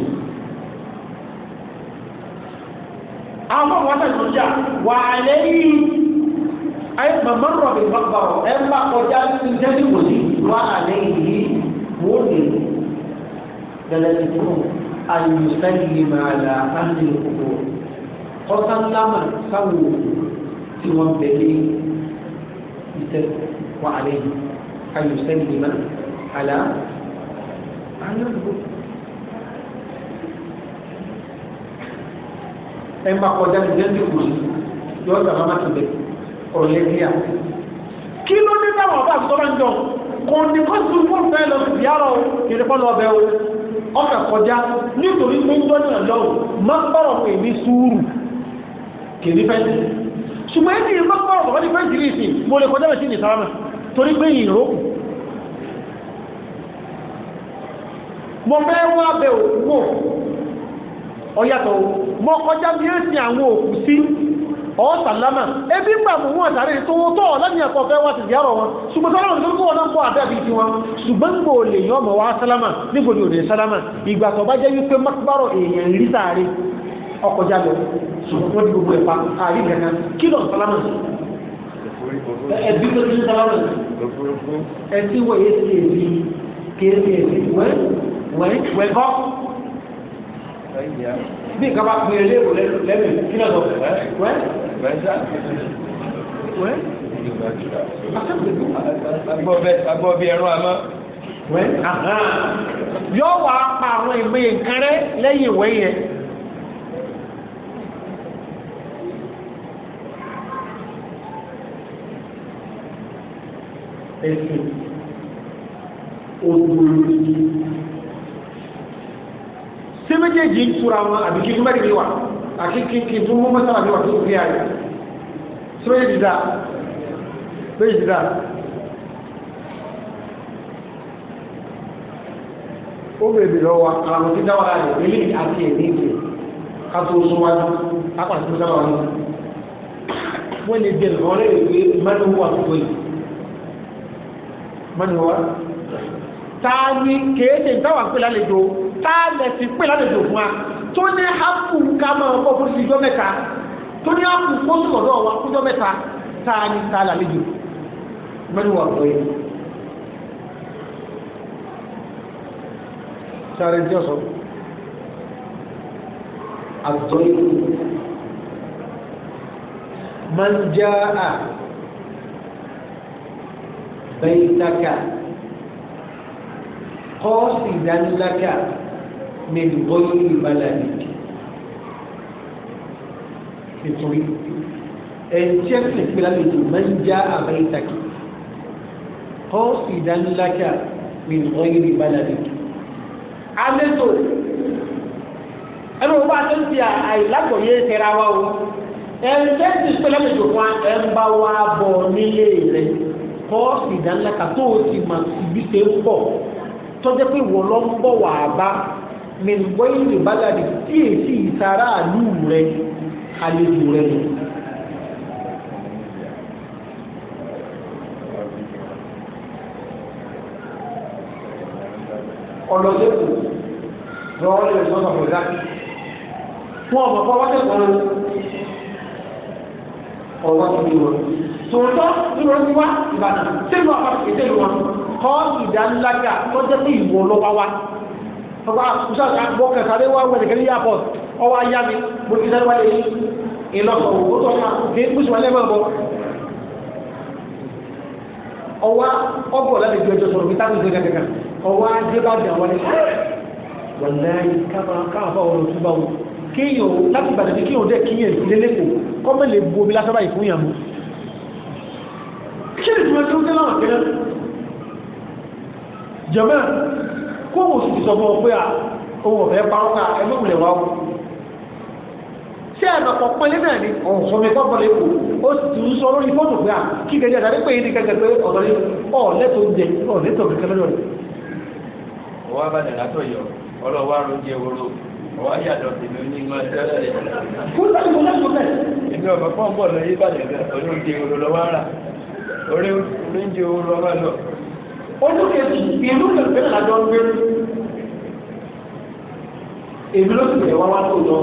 Speaker 1: àwọn ọmọ wọn tẹ̀sán jà wà á lẹ́yìn ayé màmá rọ̀ bí makobaro ẹ̀ ń bá kọjá ní jẹ́sí kò sí wà á lẹ́yìn yìí wọ́n lè gẹ́lẹ́ ti kú ayùsẹ́yìn máa là á ń lè kú kọ́sán lámà sáwò tí wọ́n bẹ̀rẹ̀ ìtẹ́kọ̀ọ́. وعليه أن يسلم على أن ينظر ẹ máa kọjá ní jẹ́ńdì kù sí yọ ọjà máa ti bẹ̀ ọ̀rọ̀ yẹn kíá. kí ló ní táwọn ọba àtúntọ́lá ń jọ kò ní kó sùn fún ìfẹ́ lọ sí ìyá rọ ìrìnkọ́ lọ bẹ o ọkà kọjá nítorí pé ń gbọ́dọ̀ lọ́wọ́ máa ń bọ̀rọ̀ pé ní sùúrù kì í fẹ́ ṣùgbọ́n ẹni máa ń bọ̀rọ̀ pé ní fẹ́ jìrì ìsìn mo lè kọjá bẹ̀ sí ìsáramẹ̀. torí pé ìró mo fẹ́ wá bẹ òkú ọyatọ ọ̀yàtọ̀ o mo bí ó sin àwọn òkú sí ebi gbà wọn àtàrí tó ọ̀ lẹ́yìn ẹ̀kọ́ fẹ́ wá ti di àrọ̀ wọn ṣùgbọ́n sọ́lọ́mù tó kọ́ ọ̀nà ń bọ́ àdábì ti wọn ṣùgbọ́n lè sálámà sálámà ọkọjá ṣùgbọ́n gbogbo àrí kí ẹbí tó ti ń sábà lọ sí. ẹbí wọ yé ti èmi kéé ti èmi wẹ wẹ wẹ kọ. bí nǹkan bá pín ilé ìwò lẹ́nu kí lọ́dọ̀ wẹ wẹ. agbọ́ bí ẹran àmọ́. yọ wàá pa àwọn ìmọ̀ nǹkan rẹ lẹ́yìn ìwé yẹn. ẹ̀sìn olùdókòwò ṣé méjèèjì tura wọn àbí kí túmọ̀ a àti kí kí tún mú mọ́sára mi wà tó O àyè ṣé méjèèjì dáa méjèèjì dáa. ó bèbè lọ́wọ́ àwọn tí dáwọ́ ara rẹ̀ ndị àti èmi ìdè ká tó sún mọ́ni wa ta ni kéde ìtawà pé lálejò ta lẹ ti pé lálejò fún wa tó ní hapù ká máa bọ́ fún ìjọ mẹ́ta tó ní hapù kó sùn lọ́dọ̀ wa fúnjọ mẹ́ta ta ni ta lálejò mọ́ni wa pé sáré díẹ̀ sọ àtọ́yìn man jaa بيتك قاصدا لك من غير بلدك nítorí ẹ̀jẹ̀ ìpìlẹ̀ àlejò máa ń já àbẹ̀ ìtàkì قاصدا لك من غير بلدك àlejò ẹnu wọn bá tó ń fi àìlágbọ̀yé tẹ̀ra wa o ẹ̀jẹ̀ ìpìlẹ̀ àlejò fún ẹ̀ ń bá wa bọ̀ nílé rẹ̀ bọ́ọ̀sì ìdánilẹ́ka tó o ti mà ibi tẹ́ ń bọ̀ tọ́jẹ́ pé wọ́n lọ ń bọ̀ wà á bá mẹ́nubọ́ ìlú bàgàdì tí èsì ìsara àlù rẹ àlejò rẹ nù. ọlọ́dẹ́kù lọ́wọ́ lè sọ́nà ọ̀gá wọn ọ̀mọ̀kọ́ wọ́n tẹ̀kọ́ ọ̀wá tó ti wọ̀. tòótọ́ nínú ọdún wa ìbàdàn sínú àpapọ̀ ìdẹ́lu wọn kọ́ ìdánlága tọ́jọ́ pé ìwọ lọ́wọ́ wa ọba àkùsà àgbọ̀ kẹsàrẹ́ wa wẹ̀lẹ̀ kẹ́lẹ́ yà bọ̀ ọwọ́ ayá mi mo ti sáré wáyé ìlọ́sọ̀ òwò tó ma dé mùsùlùmí alẹ́ máa bọ̀ ọwọ́ ọbọ̀ láti ju ẹjọ́ sọ̀rọ̀ kíta nìkan kankan ọwọ́ ajé bá wọlé káfà káfà ọ̀rọ̀ tó
Speaker 3: kí ni tìmọ̀ tí ó tẹ́lá àkẹ́lẹ́
Speaker 1: jẹ́mẹ́ kó wò sí sọ fún ọ pé ohun ọ̀fẹ́ parọ́kà ẹgbẹ́kùnlẹ̀ wa wò ṣé ẹ̀nà pọ̀pọ̀ lé náà ni ọ̀sọ̀ mi pọ̀pọ̀ lé kù ó sì tún sọ lórí fóònù pé à kí kẹjẹ àdáni pé yìí ni kẹjẹ pé ọ̀dọ́ ni ọ̀ lẹ́tọ̀ọ́ jẹ ọ̀ lẹ́tọ̀ọ́ kẹkẹ lọ́dọ̀ rẹ̀. ọwọ́ abàdàn látọ̀ yọ ọlọ́wọ́ àrùn jẹ wọ́rọ́ ọwọ́ ayàdọ̀ tèmi ní ìmọ̀ ẹ̀rẹ́ rẹ̀ orí oúnjẹ oorun ọba lọ. ọdún kejì ìlú kẹfẹ́ làjọ ń gbé èmi ló sì tẹ̀ wá wá tó lọ.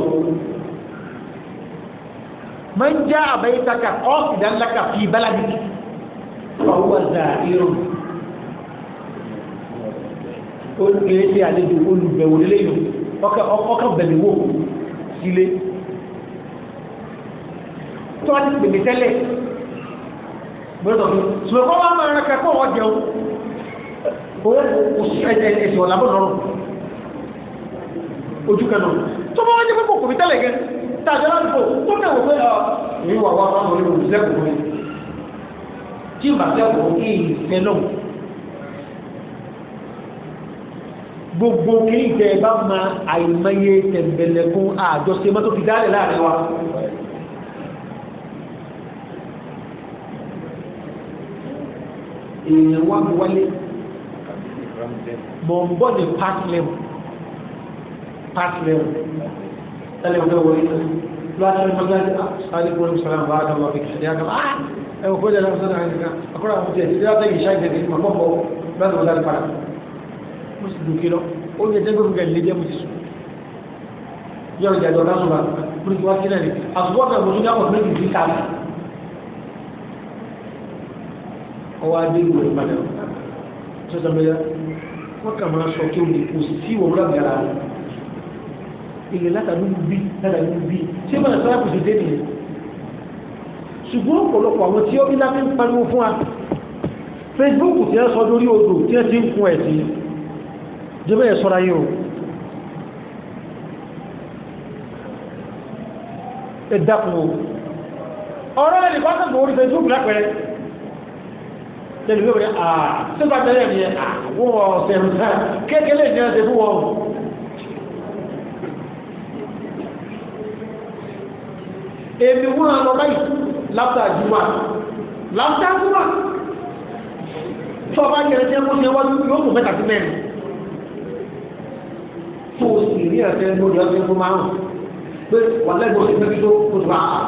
Speaker 1: máa ń já àbáyé taka ọ́ọ̀sì dánláka fi bálàdì kì. ọwọ́ àzà irun. ó lè ṣe àlejò olùbẹ̀wò lélẹ́yìn ọkọ̀ bẹ̀rẹ̀ wò sílé. tọ́lá ti pèmí tẹ́lẹ̀ gbọ́dọ̀ mi ṣùgbọ́n wọ́n máa rẹ̀ o wọ́n jẹun owó ẹ̀jẹ̀ ẹ̀sìn ọ̀làbọ̀ lọ́rùn ojú kan náà tó bá wọ́n jẹ́ pípọ̀ kò fi tẹ́lẹ̀ gẹ́ tàbí aládùúgbò tó kẹ́ wò pé ah, èyí wà wá wà lórí olùsẹ́kùn mi tí màá sẹ́kùn èyí fẹ́ náà gbogbo kìí jẹ́ ẹ bá máa àìmọye tẹ̀m̀bẹ̀lẹ̀kún àjọṣe mọ́tò fi dálẹ̀ láàrin wa. èèyàn wá mi wálé mọ̀ ń bọ̀ ní past level past level tẹ́lẹ̀ ọ̀dọ́ wọlé láti ọ̀dọ́ wọlé sáré kúrò ní sàlámù bàrà kan lọ́kì ṣẹ̀dá kan áá ẹ̀wọ̀n kó jẹ́ ẹ̀rọ sọ́dọ̀ àyè kan akọ́rọ̀ àwọn tiẹ̀ ṣẹ̀dá tẹ̀ ìṣá ìjẹ̀dẹ̀ ìmọ̀ pọ̀ pọ̀ láti wọ́n sáré padà mo sì dùn kí lọ ó yẹ jẹ́ gbọ́dọ̀ gẹ̀lẹ́ jẹ́ mo ti sùn yọ̀rọ̀ ìjàdọ̀ lásùnmá mo ti wá sílẹ̀ ní àsùnwọ́n náà mo tún dáwọ̀ ọwọ́ adé ìwé padà sọ́sọ́ mẹ́ta wọ́n kà máa sọ kí o lè kó sí ìwọ̀n lágbára ilẹ̀ látàlúwù bí látàlúwù bí tí ó bá lọ sọ́ra kò sì dé nìyẹn ṣùgbọ́n ọ̀pọ̀lọpọ̀ àwọn tí ó bí láti ń pariwo fún wa Facebook tí ẹ sọ lórí odò tí ẹ ti ń kun ẹ̀sìn jẹ́bẹ́ ẹ̀ sọ́ra yìí o ẹ dákun o ọ̀rọ̀ ẹ̀ nìkan sọ̀tún orí Facebook lápẹ̀rẹ̀ lẹ́nu ló rẹ̀ àà sípa tẹ́lẹ̀ ni àwọn ọ̀sẹ̀ nǹkan kékeré ní ọ̀sẹ̀ fún wọn. èmi wọn lọ báyìí lápá àjùmọ̀ lápá àjùmọ̀ tó ọba yẹn jẹ́ mú ṣe wájú yóò mú mẹ́ta sí mẹ́rin tó o sì rí ẹ̀sẹ̀ lórí ọ̀sẹ̀ fún márùn-ún pé wàlẹ́ ìgbọ̀nsẹ̀ mẹ́bí tó kó tó bá a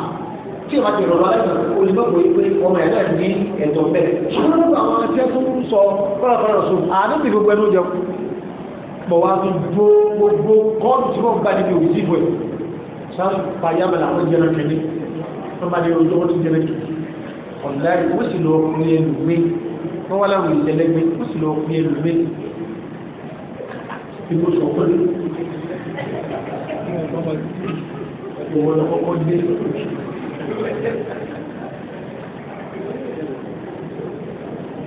Speaker 1: tí o bá ti rọrọ aláìsàn olùdókòwò yìí pé ọmọ ẹ̀ náà ní ẹ̀tọ́ bẹ́ẹ̀ ṣùgbọ́n nípa àwọn ẹṣẹ́ tó ń sọ fọlọ́fọlọ́ sọ àánú ti gbogbo ẹnu jẹun pọ̀ wá fi gbogbo kọ́ọ̀dù tí wọ́n gbà níbi òbí síbò ẹ̀ sáà pàyàmẹ́lá àwọn jẹ́nà kẹ́lẹ́ wọ́n bá dé ojú wọn ti jẹ́nà kẹ́lẹ́ ọ̀la ó sì lọ pín ẹlòmí wọ́n wá láwọn ìjẹlẹgbẹ́ ó sì lọ pín ẹlòmí ìlú sọ pé òun lọ kọ́kọ́ dé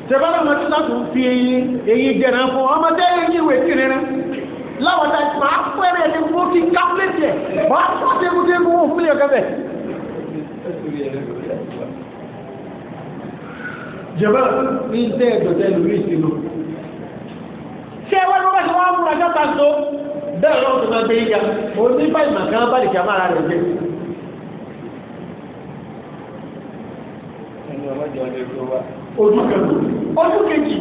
Speaker 1: sẹ̀bára wọn ti láti fi eyín eyín jẹ̀rẹ̀ fún ọmọdé eyín ìwé tì rẹ̀
Speaker 2: láwọn ta ìpà pẹ́rẹ́ ẹni wọ́n kí kápẹ́tì ẹ̀ wọ́n á sọ dégúdégú wọn fún
Speaker 1: yẹn kẹfẹ́. jẹ̀bára ní ìdẹ́ ẹ̀dọ̀tẹ́ ìlú ìsinmi ṣé ẹ wá ló bá ṣe wá múra jọ́ta so bẹ́ẹ̀ lọ́wọ́ tó máa gbé yíya òun ní báyìí màkàn bá lè a máa jẹ́. ojú kejì ojú kejì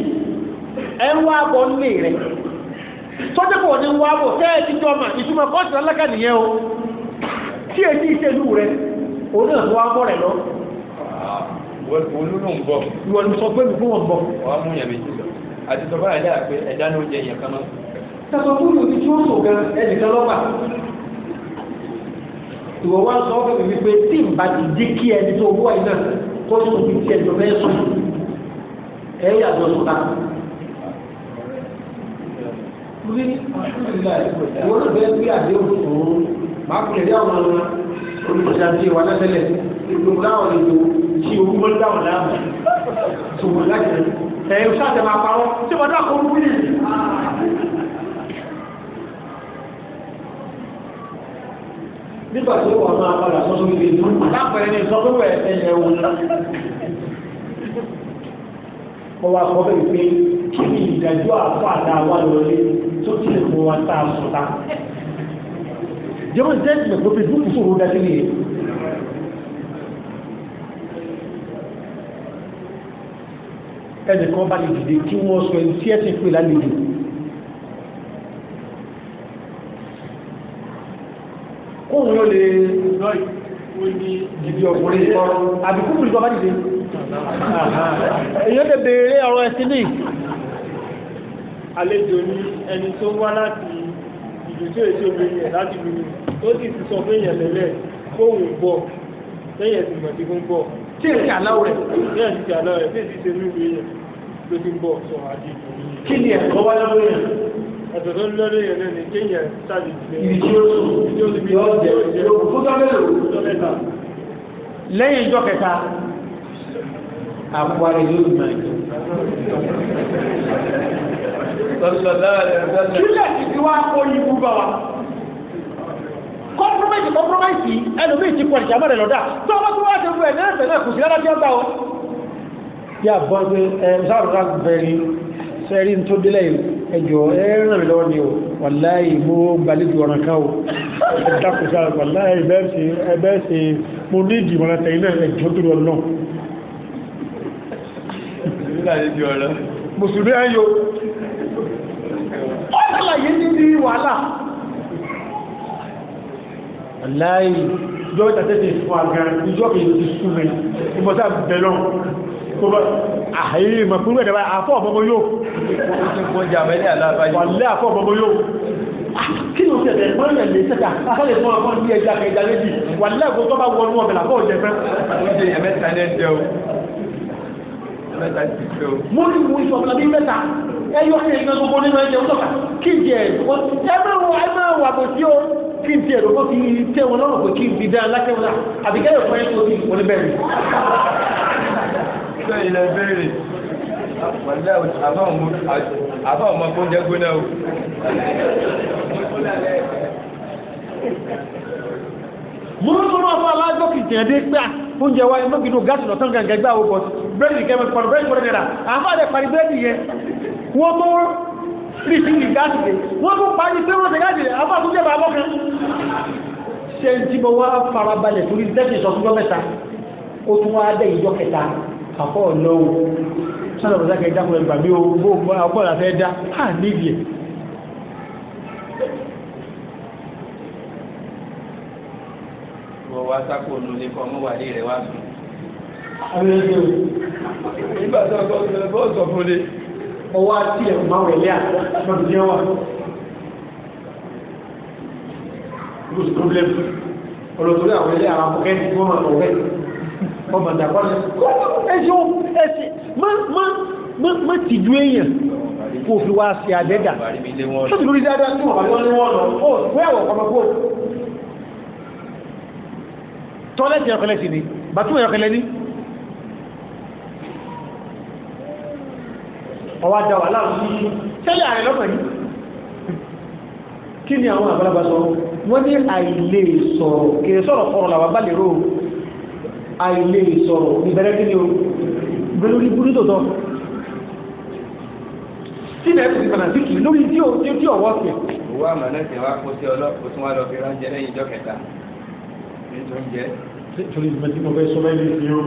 Speaker 1: ẹ ń wá bọ̀ nílé rẹ̀ tọ́jú kò ní wá bọ̀ tẹ́ ẹ ti jọ mà ìtumọ̀ kọ́ọ̀tù alága nìyẹn o tí èyí ìṣèlú rẹ̀ òun náà tó wá bọ̀ rẹ̀ lọ. olú ló ń bọ̀. ìwọ ni sọ pé mi fún wọn bọ̀. wàá mú yẹn méjì lọ àti sọ fún àyà pé ẹ̀dá
Speaker 3: ló jẹ yẹn kan náà.
Speaker 1: sọ fún mi ti tún sọ gan ẹnìkan lọ́pàá ìwọ wá sọ fún mi wípé tí n bá ti dí kí ẹni tó wọ́ kó sùn bí tiẹ̀ jọ bẹ́ẹ̀ sùn ẹ yà jọ sùn ká. Kúrí ìwọ náà bẹ́ẹ̀ bí àdéhùn òun máa kúlẹ̀ dé àwọn olùdíje àti ìwà náà tẹ́lẹ̀ ìgbìmọ̀ láwọn ètò tí owó mọ́ dáwọn láàmú tòun láti ẹ̀ ẹ̀ ṣáà tẹ̀ máa parọ́ tí wọ́n dá kó wúlì. nígbà tí wọ́n máa padà sọ sórí ibi tó lápẹ̀rẹ̀ ní sọ lówó ẹ̀ẹ́dẹ̀ wò ná. mo wá sọ fún mi pé kí ni ìdájọ́ àfọ àdá wa tó ti lè mú wa tá a sọ ta. jẹ́wọ́n jẹ́ẹ̀tì mẹ́kọ́ pé dúkù sòrò dájú nìyẹn. ẹnì kan bá lè dìde kí wọ́n sọ ẹni tí ẹ ti pè lálejò. kóhun yóò lè jìbì ọkùnrin kọ́ àbí kúkú ìjọba dìde. èyí ó lè béèrè ọ̀rọ̀ ẹ̀sìn ní. àlejò ni ẹni tó wá láti ìlú tí èsì obìnrin yẹn láti lù mí tó sì ti sọ fún èèyàn lẹ́lẹ̀ kóhun gbọ́ lẹ́yìn ẹ̀sìn ìgbà tí kò ń bọ̀. tí èsì aláwọ̀ rẹ̀ tí èsì aláwọ̀ rẹ̀ tí èsì ṣe ní ìlú yẹn ló ti ń bọ̀ sọ àdìgbò. kí ni ẹ̀kọ́ wá lọ́wọ́ yẹn? ẹ̀sùn tó ń lọ́dọ̀ yẹn náà ní kéèyàn sáàjì jù lẹ́yìn ìjọ kẹta àpò àrẹ yóò gbà jù. kílẹ̀ ti fi wá kó ibú bá wa kọ́ńtúrọ́mẹ́sì kọ́ńtúrọ́mẹ́sì ẹlòmíì ti pọ̀ ìjàmbá rẹ̀ lọ́dà tó wọ́n tún wá ṣe fún ẹ̀ náà tẹ̀lé kùsì lára tí ó bá wọn. yà bọ́ pé ẹ̀ ń sáré rà bẹ̀rẹ̀ sẹ́rí tó délẹ̀ yìí ẹjọ́ ẹ ràn mí lọ́wọ́ ni o wàláyé mo gbàlejò ọ̀ràn ká o dákun sáà wàláyé ẹbẹ́ ṣe mo ní ìdìbò ọ̀ràn tẹ̀yìn náà ẹjọ́ tó lọ náà. mùsùlùmí ẹ yo ọ̀sán àyè ní wàhálà wàláyé. Je il Il ça long. ah oui, ma ìjọ ìta tẹ́tẹ́ fún agan ìjọ kìí ti sún mi ìmọ̀sá bẹ̀lọ́n kó bá àyè ah, ìmọ̀ fún ẹ̀dẹ̀ báyìí àfọ́ ọ̀bọ̀mọ yóò wàlẹ́ àfọ́ ọ̀bọ̀mọ yóò ah, kí ló tẹ̀lé wọ́n yẹ̀ lé sẹ́ta akọ́lẹ̀ fún ọkọ́ ní ẹja kẹja méjì wàlẹ́ àgbo tó bá wọnú ọ̀bẹ̀ làbọ̀ ọ̀jẹ̀ fẹ́. mo ní mo ìfọ̀mọ́lá bí mẹ́ta ẹyọ kí ẹ̀yin náà gbogbo nínú ẹ̀jẹ̀ ń tọ́ka kí jẹ́ ẹ̀ kí n tiẹ̀ ló kó ti tẹ́ wọn lọ́rùn pé kí n fi dá aláṣẹ wọn àbí kẹ́lẹ́ fún ẹ̀ tó ti wọlé bẹ́ẹ̀ ni. sẹ́yìn lẹ bẹ́ẹ̀rẹ̀ àbá ọmọ kó jẹ́ gbóná o. mo ní sọ́nà fún alájọ́ kìtìyàn dé gbà oúnjẹ wa inú gidi gáàsì lọ́tọ́ gàǹgà gbà owó bọ̀ bírèdì kẹ́mi pọ̀n bírèdì kọ́ni dẹ̀ra àbá rẹ̀ parí bírèdì yẹn wọ́n tó rìfìlì gáàsì dé wọ́n tún parí pé wọ́n ti gáàsì dé afọ́ àtúnjẹ́ bàbá kan ṣe ń tí mo wá farabalẹ̀ torí tẹ́sí sọ fún mẹ́ta ó tún wá dé ìjọ kẹta àfọ́ ọ̀lọ́wọ́ sọ́dọ̀ bọ́sá kẹta kò ẹgbà mí o bó ọkọ̀ là fẹ́ dá à níbi ẹ̀ wọ́n wá sákò lóde kọ́ mọ́ wà o nígbà tó ọkọ̀ ọwọ́ àti ẹ̀kùn máa wẹ̀lẹ́ àti ọmọ lose problem ọlọtọlẹ àwọn ẹlẹ àwọn akọkẹ ní wọn máa lọ wẹ wọn máa dàgbà lẹ ẹsẹ o ẹsẹ má má má má ti ju èèyàn kó o fi wá sí àdẹ́dà tó ti lórí dáadáa tí wọn bá lọ ní wọn lọ ó wẹ́wọ̀ ọmọkó tọ́lẹ́tì ẹ̀kọ́lẹ́tì ni bàtú ẹ̀kọ́lẹ́ ni. ọwọ́ àdá wà láàrú sí iṣu sẹ́yìn ààrẹ lọ́kàn yìí kí ni àwọn àgbàlagbà sọ wọ́n ní àìlè sọ̀rọ̀ kèrè sọ̀rọ̀ kọ̀rọ̀ làwọn bá lè rò àìlè sọ̀rọ̀ ìbẹ̀rẹ̀ kí ni o bẹ̀rẹ̀ orí burú tó tọ́ sílẹ̀ ẹ̀sìn fanatiki lórí tí ó tí ọ̀wọ́ sí. owó àmàlà ti wá kó sí ọlọ́pàá tí wọ́n lọ fi ránjẹ lẹ́yìn ìjọ kẹta nítorí jẹ́. torí ìgbà tí mo fẹ́ sọ bẹ́ẹ̀ ní ìfihàn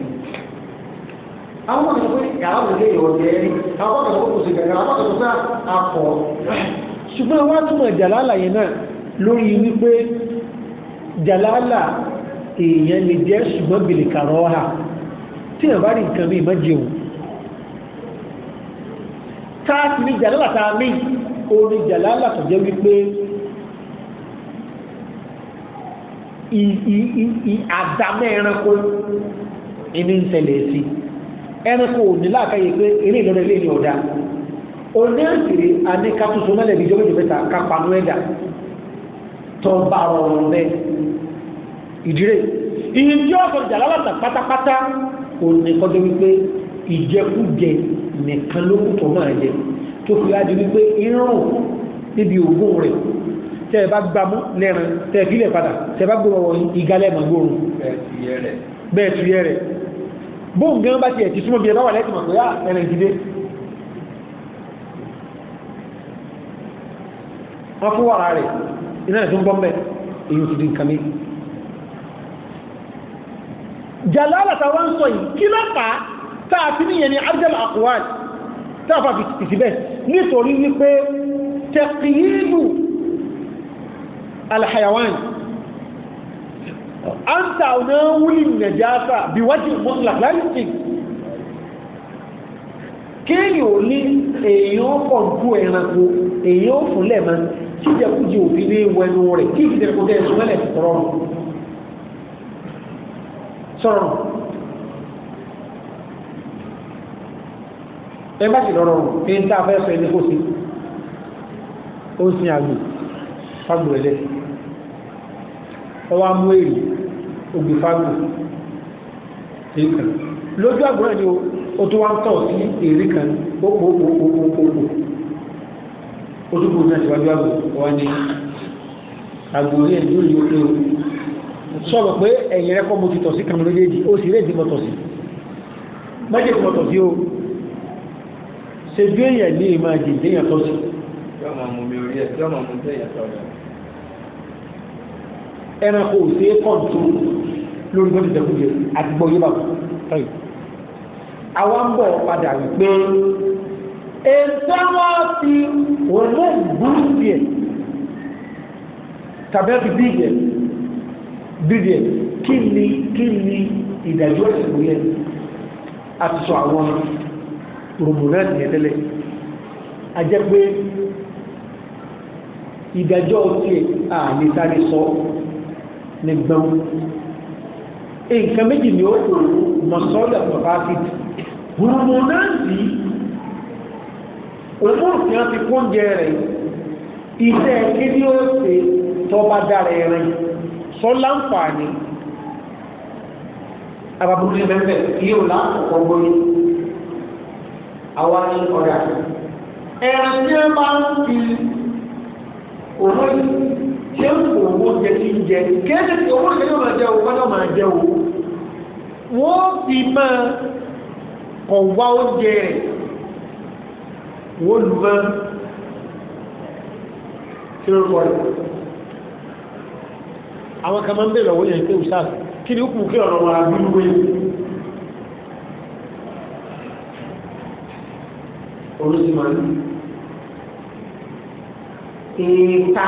Speaker 1: àwọn ọmọ ìgbẹ́ yàrá òde ìrọ̀lẹ́ rí àwọn ọmọ ìgbẹ́ kòsì gàgà àwọn ọmọ ìgbẹ́ akọ̀. ṣùgbọ́n wá túmọ̀ jàlálà yẹn náà lórí wípé jàlálà èèyàn lè jẹ́ ṣùgbọ́n bìlì kàrọ́ ha tí èèyàn bá rí nǹkan mi má jẹun. káàkiri ní jàlálà tá a mí orí jàlálà tó jẹ́ wípé àdámẹ́ ẹranko ìní ń ṣẹlẹ̀ sí i ẹranko ò ní láàkáyè pé eré ìlọrin ilé ni ọ̀dà oní àtìrí aníkàtúntò mẹ́lẹ̀ bíi jọ́bẹ̀jọ́ mẹ́ta kápánú ẹ̀dà tó bá ọ̀rọ̀ rẹ̀ ìdíré ìyìn tí ó sọ̀rọ̀ jàlá látà pátápátá ò ní kọjọ́ wípé ìjẹkújẹ nìkan ló kù tó máa jẹ tó fi á di wípé irun níbi ògùn rẹ̀ tẹ́ ẹ bá gbámú lẹ́ran tẹ́ ẹ fílẹ̀ padà tẹ́ ẹ bá gbọ́ ìgalẹ̀ màgbórun bẹ́ẹ̀ tìyẹ́ rẹ̀ bóun gan bá tiẹ̀ ti súnmọ́ bí ẹ bá wà lẹ́tìmọ̀ pé ah, ẹ̀rẹ̀ ìdílé wọ́n fún wàrà rẹ̀ iná ẹ̀ tó ń bọ́ mẹ́ èyí ti di nǹkan mi. jàlá àlàtà wa ń sọ yìí kí ló fà á tá a fi níyẹn ní abdul akwad tá a fà fìtì bẹ́ẹ̀ nítorí wípé tẹ̀kìyìlù alhayawan an ta'una wulin najasa bi wajhi mutlaq la yusik kéèyàn ò ní èèyàn ọ̀dù ẹranko èèyàn ò fúnlẹ̀ mọ́ tí ìjẹkújẹ òbí ní wẹnu rẹ̀ kí ìjẹkújẹ tẹ ẹ̀sùn mẹ́lẹ̀ sọ̀rọ̀ sọ̀rọ̀ ẹ bá sì lọ́rọ̀ pé ń tá a fẹ́ sọ ẹni kó sí ó ń sin àgbò fagbọ̀ ẹlẹ́sìn ọwọ́ amú èrè ògbè fágbò èyí kan lójú àgbọ̀nrán ni o tó wá ń tọ̀ sí èrè kan pópópópópópó o tó kó náà síwájú àgbò ọwọ́ ni àgbò orí ẹ̀ lórí òkè o sọ̀rọ̀ pé ẹ̀yìn rẹ̀ kọ́ mo ti tọ̀ sí kan lójéèjì ó sì rédìí mo tọ̀ sí mẹ́jẹ̀ mo tọ̀ sí o ṣe bí èèyàn ní ìmọ̀ àjèjì èèyàn tọ̀ sí. yọ́mọ̀ mú mi orí ẹ̀ yọ́mọ̀ mú tẹ̀yìn tọ̀ rẹ̀ ẹranko ò sí kọ́ńtò lórí bó ti dẹ̀kújẹ àti gbọ́ yébà tọ́yì. àwa ń bọ̀ padà wípé ètò wọn ti wọlé burú díẹ̀ tàbí ẹbí bí díẹ̀ bí díẹ̀ kí ni kí ni ìdájọ́ ìsìnkú yẹn àti sọ àwọn rògbòmọ́ ẹ̀dìyẹ tẹ́lẹ̀ ajẹ́ pé ìdájọ́ tiẹ̀ à sáré sọ ní gbọ́n nǹkan méjì ni ó kò mọ̀sọ́lẹ̀ pọ̀táfíìtì gbogbo náà sí òmùrùkì àti kóúnjẹ rẹ̀ iṣẹ́ kí ni ó ṣe tọ́ba dára ẹ̀rìn sọ́lá ń fà ní ababurú ní bẹ́ẹ̀ ilé òlà ọ̀gbọ́n ní àwa ní ọ̀dà ẹ̀rìn tí wọ́n bá ń fi òmùrùkì ṣé ń kò owó jẹ kí ń jẹ kéde tí owó ìṣẹ́jọ́ máa jẹ owó kọ́jọ́ máa jẹ o wọ́n fi máa kọ̀ wá oúnjẹ rẹ̀ wọ́n lù mọ́ kí ló kọ́ rẹ̀ àwọn kan máa ń bèèrè ọ̀wọ́ yẹn pé òṣà kí ni ó kù kí ọ̀rọ̀ wa bí wé olùsìmọ̀ ní ìta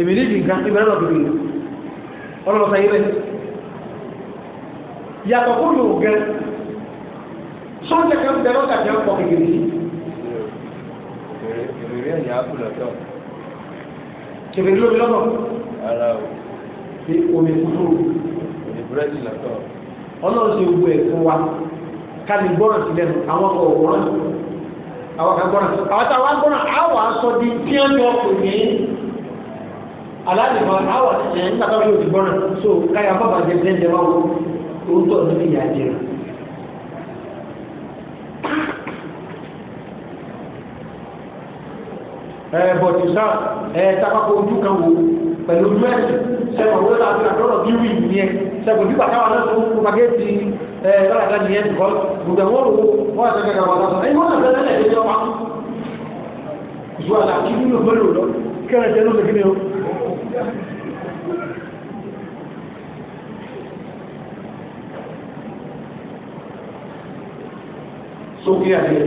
Speaker 1: èmi ní ìdí nǹkan ìmọ̀ náà bìbì ọlọ́mọta yìí rẹ̀ yàtọ̀ kó lò gan sọ́jà kan bẹ̀rẹ̀ ọ̀gá jẹ́ ọ̀pọ̀ kékeré yìí. ìrírí ẹ̀yà àkùlọ̀ tọ̀. kèbèrè lómi lọ́tọ̀. ara o. ní omi kúrò. omi búrẹ́dì lọ́tọ̀. ọlọ́run ṣe gbogbo ẹ̀ fún wa ká ní gbọ́ràn sílẹ̀ àwọn ọkọ̀ òwúrọ̀ àwọn kan gbọ́ràn àwọn táwọn gbọ́ràn àwọn aṣọ di tí wọ́n aláàlùmọ àwọ ẹ nígbàtà yóò ti gbọràn so káyà bàbà jẹ bẹẹdẹ wà wò ó tọ ní ìyá jẹ rẹ. ẹ bọ̀dù sáà ẹ takako ojú kan wò pẹ̀lú ojú ẹ̀sìn sẹ́wọ̀n wọ́n lọ àbúrò àbúrò bí wì nìyẹn sẹ́wọ̀n nígbà táwọn náà tó ń kó pàgẹ́tì ẹ lọ́dàdà nìyẹn nìkan gbogbo àwọn olùkó wọ́n àti ẹ̀kẹ́kẹ́ wọn lọ́sọ̀rọ̀ ẹ̀yìn wọ́n náà fẹ́ẹ́ lẹ́yìn ẹ̀jẹ̀ wa. ìṣúwàlà kí nínú fẹ́ẹ́ lò lọ kẹ́rẹ̀ẹ́tẹ́ ló ń gbé sókè àyè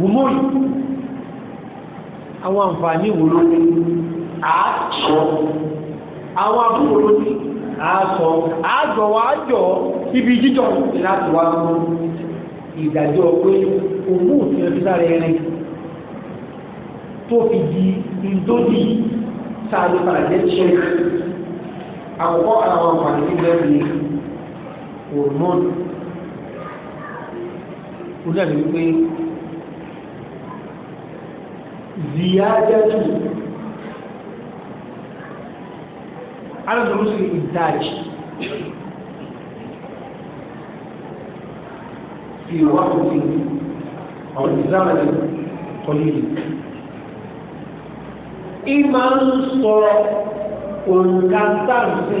Speaker 1: wùmọ́ì àwọn àǹfààní wòlò ní àásọ àwọn àbúrò ló ní àásọ àjọ wa àjọ ibi jíjọ láti wá mú ìdájọ́ pé òmù òfin ẹbí lára ẹrin tó fi di ìdódì sáà ló padà jẹ́ àwọn àǹfààní ti ni hormone ó dàbí wípé ziyadatu alazọrọsọ ìdájì fi wákòtí àwọn ìzámanì kọlíìlì ìmọ̀ ń sọ òǹkà sáà sí.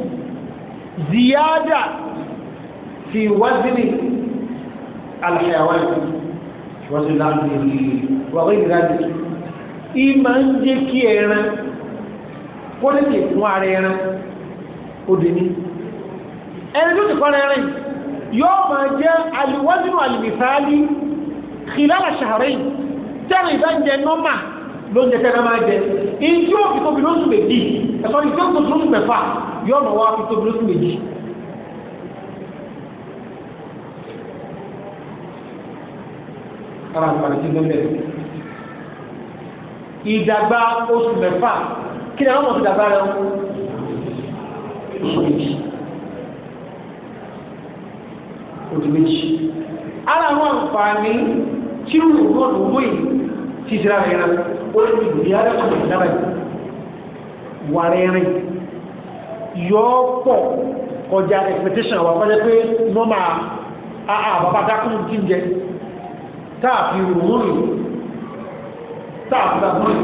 Speaker 1: ziyada fi wazini alhayawan wazini láàrin wàhálà ìrìnàjò ìmọ̀ ń jẹ́ kí ẹran kọ́lẹ́tì fún ara ẹran ó dé ní ẹni tó ti fara ẹran yóò máa jẹ́ aliwazinu alimifali khilala shahrain tẹ́rìn bá jẹ nọ́mà ló ń jẹ tẹ́rìn máa jẹ ìjú òfin tóbi lóṣù méjì ẹ̀sọ́ ìjú òfin tóbi lóṣù mẹ́fà yọ ọmọ wa fi tóbi lóṣù méjì. ara nǹkan ti lọ bẹ́ẹ̀. ìdàgbà oṣù mẹ́fà kí ni àwọn ọmọ ti dàgbà rẹ wọn. oṣù méjì. oṣù méjì. ara àwọn àǹfààní tí ó wù wọ́n lò wọ́n yìí ti ṣe ara rẹ̀ rẹ̀ ó lè fi ìdíyàrá ọ̀sẹ̀ dábàá yìí wà rẹ̀ rìn yóò pọ̀ kọjá expectation wa kọjá pé nọ́mà àà bàbá dákùn kí n jẹ táàfi rùmúrì táàfi dákùn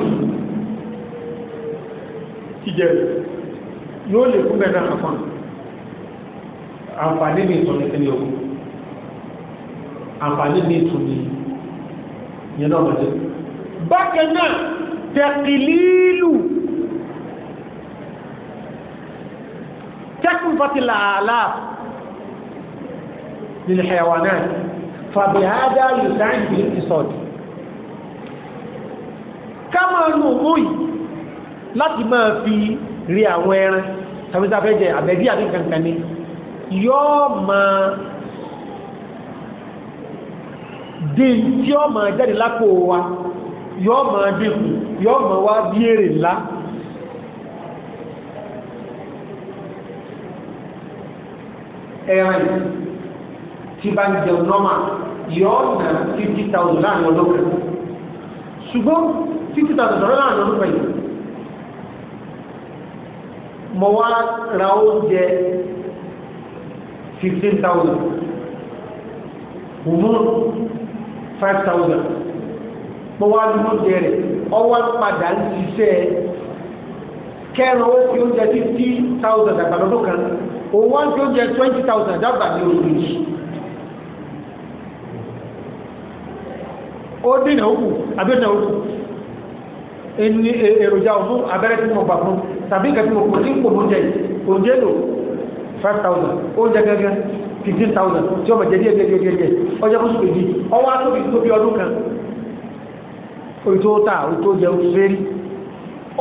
Speaker 1: kí jẹ yóò lè fún bẹ́ẹ̀ náà kan àǹfààní ní ìtọ́ni kẹ́lẹ́ ogun àǹfààní ní ìtọ́ni yẹn náà wọ́n jẹ bákan náà tẹ̀kìlílù صفة الآلاف للحيوانات فبهذا يساعد بالاقتصاد كما نموي láti máa fi rí àwọn ẹran tàbí tá a fẹ́ jẹ àbẹ̀bí àti kankan ni yóò máa dín tí yóò máa jáde lápò wa yóò máa dín yóò máa wá bí èrè ńlá ẹran tí bá ń jẹun nọ́mà yọ̀ọ́ nà fifty thousand láàrin ọdún kan ṣùgbọ́n fifty thousand sọ̀rọ̀ láàrin ọdún kan yìí mo wá ra oúnjẹ fifteen thousand òmùn five thousand mo wá lu oúnjẹ rẹ̀ ọwọ́ padà ń ṣiṣẹ́ kẹrin owó fi oúnjẹ fifty thousand àgbàdo kan òun wá ń tó jẹ twenty thousand dágbà ní oṣù yìí ó dínà òkú àbẹ́sẹ̀ òkú ẹni èròjà ọ̀fún abẹ́rẹ́ tí mo gbà fún tàbí ìkàtí mo kò sí ń pò mọ́ jẹ oúnjẹ lò five thousand oúnjẹ gẹ́gẹ́ fifteen thousand tí ọmọ jẹ díẹ̀ díẹ̀ díẹ̀ díẹ̀ ọjọ́ fún sùpèjì ọwọ́ atóbi tó bí ọdún kan orí tó tà orí tó jẹ oṣù fẹ́rí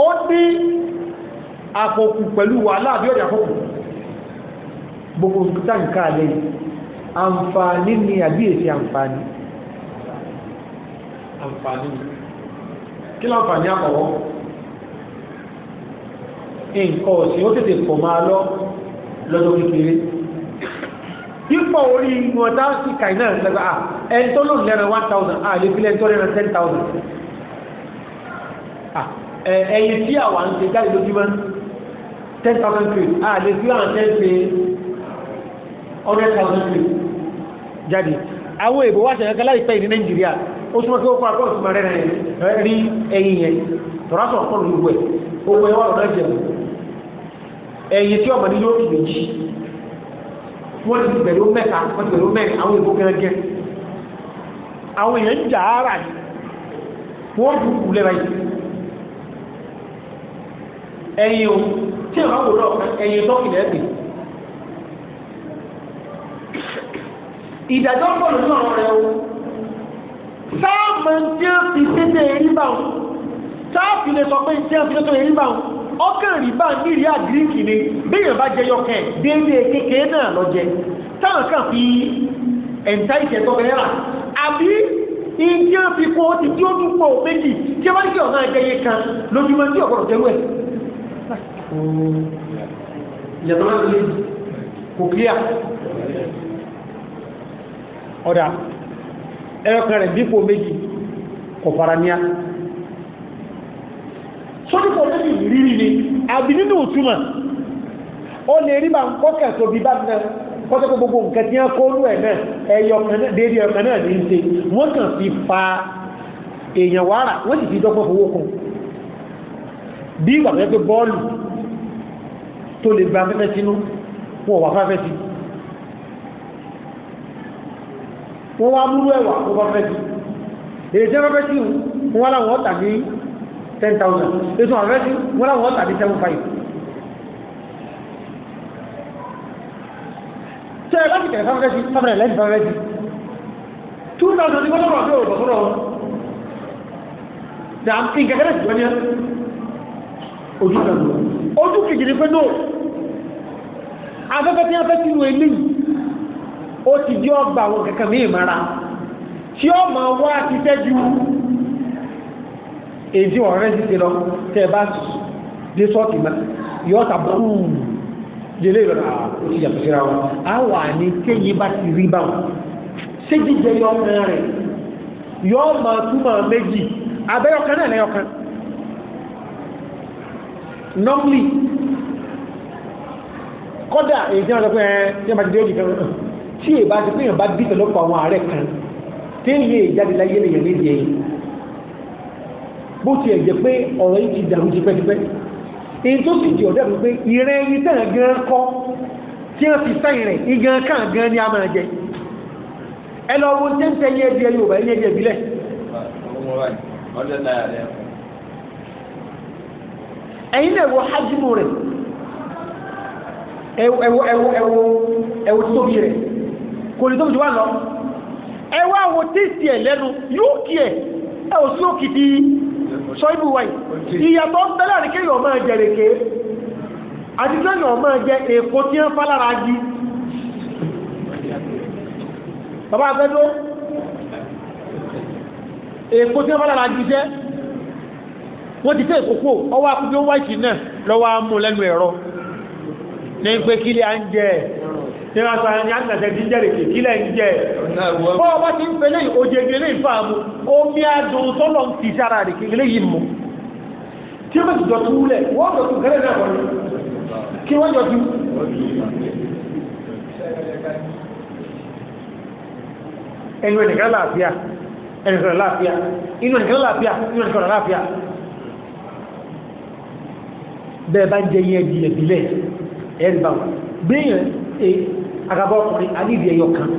Speaker 1: ó ní àpòkù pẹ̀lú wàhálà àbí ọ̀dà àpòkù gbogbo táǹkà lẹ́yìn àǹfààní ni àbí èsì àǹfààní àǹfààní kí láǹfààní àkọ́wọ́ nǹkan ọ̀sìn ó tètè pọ̀ máa lọ lọ́dọ̀ kékeré pípọ̀ orí wọn tá sí kàì náà lẹ́gbà à ẹni tó lòun one thousand à lè fi lẹ́ni tó lẹ́ran ten thousand ẹ̀yìn tí àwa ń ṣe jáde lójúmọ́ ten thousand three à lè fi àwọn ten ṣe
Speaker 2: hundred thousand three
Speaker 1: jáde àwọn èbò wá ṣẹ̀yẹ́ kálá ìpẹ́ ìdí nàìjíríà ó súnmọ́ kí ó kọ́ àkọ́ọ̀tù máa rẹ̀ rí ẹyin yẹn tọ́rọ́sọ̀ ọ̀pọ̀ lóògbé owó ẹwà ọ̀nà ìjẹ̀bù ẹyin tí ọmọdé yóò fi méjì wọ́n ti bẹ̀rẹ̀ ó mẹ́ta wọ́n ti bẹ̀rẹ̀ ó mẹ́rin àwọn èbò gẹ́gẹ́ àwọn èèyàn ń jà ara yìí wọ́n bu kù lẹ́ra yìí ẹyin o tí ìwà wò lọ ẹyin tọ́kì lẹ́ẹ̀kì ìdájọ́ ń bọ̀ lórí ọ̀rọ̀ rẹ o sáàmù tí ó fi sédè erí bá wọn sáàfì lè sọ pé tí ó fi sédè erí bá wọn ọkàn rí bá ní ìrí àgíríkì ni bí èèyàn bá jẹyọ kẹ déédéé kékeré náà lọ jẹ táwọn kan fi ẹ̀ǹtá ìṣẹ̀tọ́ bẹ́ẹ̀ rà àbí ìdí ó fi kó o ti tí ó dúpọ̀ méjì tí ó bá jẹ́ ọ̀nà ẹ̀jẹ̀ yẹn kan lójúmọ́ tí ọ̀gọ̀rọ̀ jẹ́ wẹ̀. ìyàtọ̀ náà lè kò kíá ọ̀dà ẹyọkan rẹ̀ dípò méjì kò fara níyà sódípò méjì rírì ni àbí nínú òtúmọ̀ ó lè rí bá ń kọ́kẹ́ tóbi bá náà kọ́tọ́ kó gbogbo nǹkan tí wọ́n kó lú ẹ̀ náà ẹyọkan náà déédéé ẹyọkan náà ní í ṣe wọ́n kàn fi fa èèyàn wàrà wọ́n sì fi dọ́gbọ́n fowó kún bí ìgbà pẹ́ pé bọ́ọ̀lù tó lè gba afẹ́fẹ́ sínú wọn wà fáfẹ́ sí wọ́n wá múrú ẹ̀wà tó bá fẹ́ sí èyí tí wọ́n fẹ́ sí wọ́n wá láwọn ọ̀tà ní ten thousand èyí tí wọ́n fẹ́ sí wọ́n láwọn ọ̀tà ní seven five. tẹ́ ẹ láti tẹ̀lé fáfẹ́ sí fáfẹ́ lẹ́yìn fáfẹ́ sí two thousand ní wọ́n lọ́rọ̀ ọ̀dọ́ ọ̀dọ́ sọ́rọ̀ ọ̀hún. dàm ìgẹ̀gẹ̀rẹ̀ sì wọ́n yẹ ojú kan ojú kejì ni pé no afẹ́fẹ́ tí wọ́n fẹ́ sínú eléyìí ó ti di ọgbà àwọn kankan mí ìmọ̀ra tí ó máa wá ti tẹ́jú èdè ọ̀rẹ́ ti ti lọ tẹ́ bá dé sọ́ọ̀tì mọ́ yọ ọ́ta bọ́ọ̀mù délé ìrọ̀lá ó ti yàtọ̀ síra wọn á wà ní kéyìn bá ti rí báwọn ṣé jíjẹ yọ ọkàn rẹ̀ yọ máa túmọ̀ méjì abẹ́yọkan náà lẹ́yọkan normally kódà èyí tí wọ́n sọ pé ẹ tí wọ́n bá ti dé òjì kan tí èbá ti péyàn bá dìtẹ̀ lọ́pọ̀ àwọn ààrẹ kan téèyàn ìjáde láyé lèyàn nídìí ẹ̀yìn bó tiẹ̀ jẹ́ pé ọ̀rọ̀ yìí ti dàrú tipẹ́tipẹ́ èyí tó sì di ọ̀dọ́ mi pé ìrẹ́ ẹni tẹ̀ gan kọ́ tí wọ́n ti sáyìn rẹ̀ igan kàn gan ni a máa jẹ ẹ lọ wo tẹ́ńtẹ́ yẹn di ẹyọ bá yẹn jẹ ìbílẹ̀. ẹ̀yin náà wọ hajjimu rẹ̀ ẹ̀wọ̀ ẹ̀wọ̀ ẹ̀wọ̀ ẹ̀wọ̀ tóbi rẹ̀. kò ní tóbi fi wá lọ ẹ wá wo téèsì ẹ lẹ́nu yóò kí ẹ ẹ ò sí òkì di sọ ibù wáyé ìyàtọ̀ tẹ́lẹ̀ àríkẹ́ yọ̀ máa jẹ rèké àti tó yọ̀ máa jẹ èkó tí wọ́n fálára jí bàbá abẹ́dó èkó tí wọ́n fálára jí jẹ́ wọ́n ti fẹ́ ìkókó ọwọ́ akúgbé wáìtì náà lọ́wọ́ amú lẹ́nu ẹ̀rọ ní pé à ń jẹ ẹ̀ ní wọn sọ ẹni àtàtẹ ti ń jẹ rèké kí lẹ́yìn jẹ bọ́ ọba ti ń fẹlẹ́ òjèjì lè fà mú omi adùn tọ́lọ̀ ń ti sára rèké léyìn mú tí wọ́n ti dọ̀tú lẹ̀ wọ́n dọ̀tú kẹlẹ́ náà wọlé kí wọ́n dọ̀tú. ẹnu ẹnìkan láàfíà ẹnìkan láàfíà inú ẹnìkan láàfíà inú ẹnìkan láàfíà bẹ́ẹ̀ bá ń jẹ yẹn di ẹ̀bílẹ̀ ẹ̀ ń bá wọn gbé yẹn e, agabọ́ ọkùnrin alíbi ẹyọ kan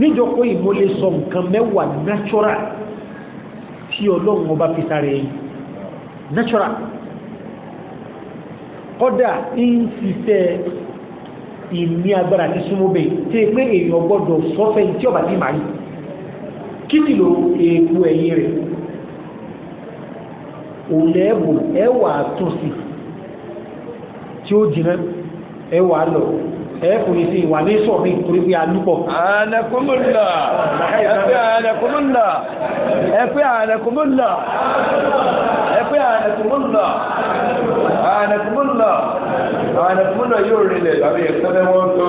Speaker 1: níjọkọ yìí mo lè sọ nǹkan mẹ́wàá natural tí ọlọ́run ọba fi yìí natural kọ́dà ń ṣiṣẹ́ ìní agbára ní súnmọ́bẹ̀ tí é pé èèyàn gbọ́dọ̀ sọ́fẹ́ tí ọba ti máa yìí kí sì lo èèpo ẹ̀yìn rẹ̀ òlẹ́ẹ̀bù ẹwà àtúnṣe tí ó jìnnà ẹwà lọ ẹ kò ní sí ìwà ní sọ̀rọ̀ nítorí pé alúpọ̀. ànàkùnmùlà ẹ pé ànàkùnmùlà ẹ pé ànàkùnmùlà ẹ pé ànàkùnmùlà ànàkùnmùlà ànàkùnmùlà yóò rinlẹ̀ tàbí ẹ̀kọ́ mẹ́wọ́n tó.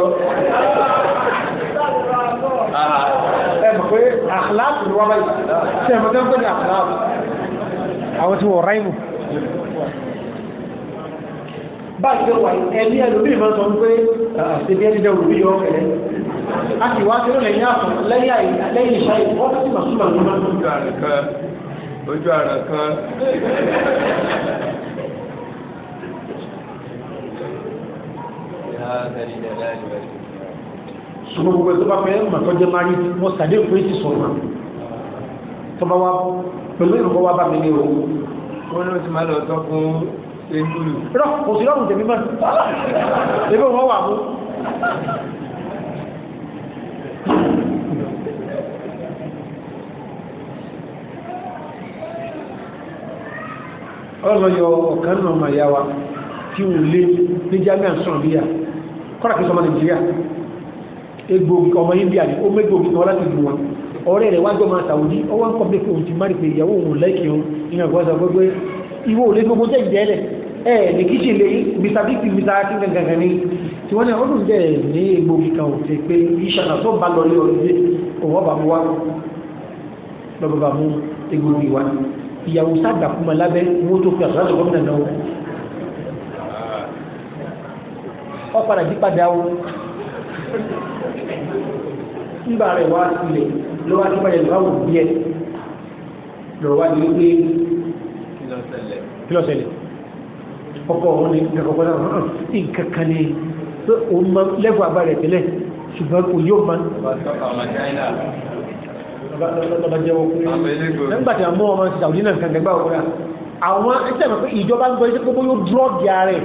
Speaker 1: ẹ mọ̀ pé àkàlà àkùnrin wa báyìí ṣe é mọ̀ tó ń pè ní àkàlà àwọn tí wọ́n ráìmù bá a ti wà ẹni ẹlòmíì máa sọ
Speaker 3: pé ah,
Speaker 1: ṣèbí ẹni dẹrù bí yọ ọkẹlẹ a sì wá sílẹ̀ lẹ́yìn àtọ̀ lẹ́yìn ìṣá yìí wọ́n sì máa súnmọ́ lọ́nà.
Speaker 3: ojú àrà kan ojú àrà kan.
Speaker 1: ṣùgbọ́n gbogbo tó bá fẹ́ mọ̀ tó jẹ́ máa rí wọ́n sàdé òfin ti sọ̀rọ̀ tó bá wá pẹ̀lú ìrùkọ́ wá bá mi ní o. wọ́n ní o ti máa lọ sọ fún rọ kò sí lọ́rùn tèmi mọ́ ebi wọn wà mú. ọlọ́yọ ọ̀kan náà máa yá wa tí ò lé ní jamiu sàn bíyà kọ́ra kí sọmọ nàìjíríà egbògi ọmọ india ni ó mégbògi tí wọ́n láti dùn wọn ọ̀rẹ́ rẹ̀ wájú ọmọ àtàwọn ní ọwọ́ ń kọ́ pé òun ti má rí pé ìyàwó òun lẹ́kì òun ìyàn àgbọ̀nsá gbogbo ìwọ òlé gbogbo tẹ̀ jẹ́ lẹ̀ ẹ̀ ní kí ṣe lè mr bp mr akin gangan ni tí wọ́n ní ọdún dẹ̀ ní egbògi kan ò ti pé ìṣàkà tó bá lọlé ọdún òwò bá mú wa lọ́bọ̀ bá mú egbògi wa ìyàwó sábà kú ma lábẹ́ wọ́n tó fi àtúrásọ̀ gómìnà náà wọ́n padà jí padà o nígbà rẹ̀ wá sílẹ̀ lọ́wọ́ àti padà lọ́wọ́ bí ẹ lọ́wọ́ wá ní wípé kí ló ṣẹlẹ̀ ọkọ̀ òun ni nǹkan kọ̀ọ̀kan náà hàn nǹkan kan ni òun máa lẹ́gùn àbá rẹ̀ tẹ́lẹ̀ ṣùgbọ́n kò yóò máa. lọ́ba jẹ́wọ́ pé nígbà tí a mú ọmọ sàwùdí náà nǹkan gẹ́gbà òkúra àwọn ìṣẹ̀mọ̀ pé ìjọba ń gbọ́ iṣẹ́ pé yóò dúrọ́ọ̀gì ààrẹ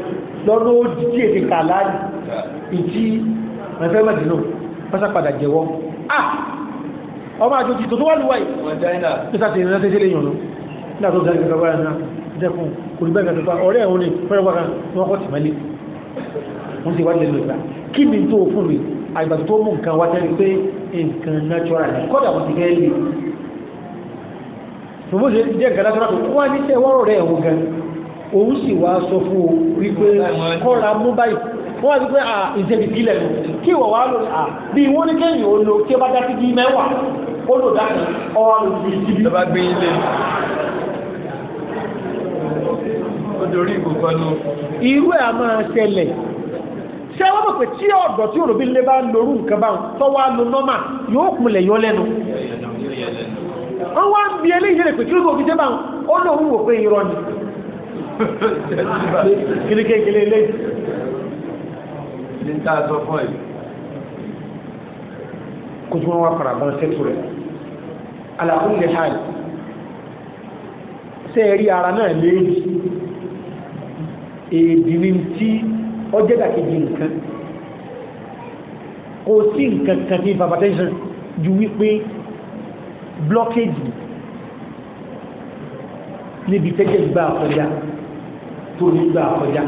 Speaker 1: lọ́dún ó di èdè kàlá ìtì rẹ̀fẹ́ mẹ́tìlú pásápadà jẹ́wọ́ ah! ọmọ àjòjì tó tó wà lúwà yìí látọ̀ sáré kẹta wáyà náà dẹ́kun kò ní bẹ́ẹ̀ kẹta ọ̀rẹ́ ẹ̀hún ni fẹ́rẹ̀ wákà wọn kọ́ tì mẹ́lẹ̀ wọ́n ti wájú lẹ́nu ìgbà kí ni tó fún mi àgbà tó mú nǹkan wá tẹ́lẹ̀ pé nǹkan natural ni kọ́dà wọ́n ti fẹ́ lè tòmó ṣe jẹ́ nǹkan natural tó wá ní tẹ́ wọ́rọ̀ rẹ̀ gan òun sì wá sọ fún o wípé kọ́ra mú báyìí wọ́n wá sí pé ìjẹ̀bi ìbílẹ̀ odori e ló. irú ẹ̀ a máa ṣẹlẹ̀ ṣé wọ́n mọ̀ pé tí ọ̀dọ̀ tí òròbí lè bá lorú nǹkan báwọn tọ́wọ́ á lo nọ́mà yóò kunlẹ̀ yọ lẹ́nu wọ́n wá ń bi eléyìí lè pè kí ló ni ní ta sọ fún ẹ. kó tí wọ́n wá sẹ́tù ara náà èdè ni tí ọjọ́ ìdàkejì nǹkan kò sí nǹkan kan tí hypertension ju wípé blockage níbi tẹ́jẹ̀ gbà kọjá tó ní gbà kọjá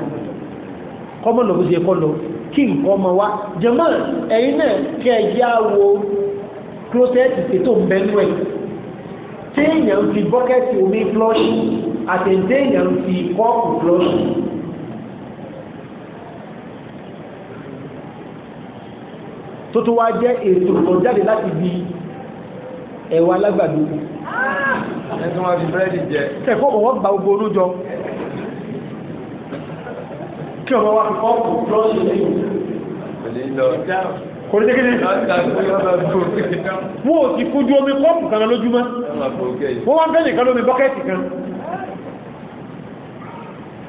Speaker 1: kọ́mọ̀ lọ bó ṣe kọ́ lọ kí nǹkan ọmọ wa jẹ́mọ́ ẹ̀yin náà kẹjá wo klósẹ́ẹ̀tì tètò ń bẹnu ẹ̀ téèyàn fi bọ́kẹ́tì omi flush àtẹ̀téèyàn fi kọ́ọ̀pù flush tó tó wá jẹ́ ètò tó jáde láti bi ẹ̀wà alágbàdo. ẹ̀sùn wọn fi búrẹ́dì jẹ. ẹ̀kọ́ ọ̀wọ́ gba gbogbo onú jọ kí ọmọ wa fi kọ́ kó lọ́ọ̀ṣì lẹ́yìn. kò ní lọ kò ní kékeré. wọn ò ti kojú omi kọ́ọ̀pù kan lójúmọ́. wọ́n wá ń bẹ́ẹ̀ nìkan lómi bọ́kẹ́tì kan.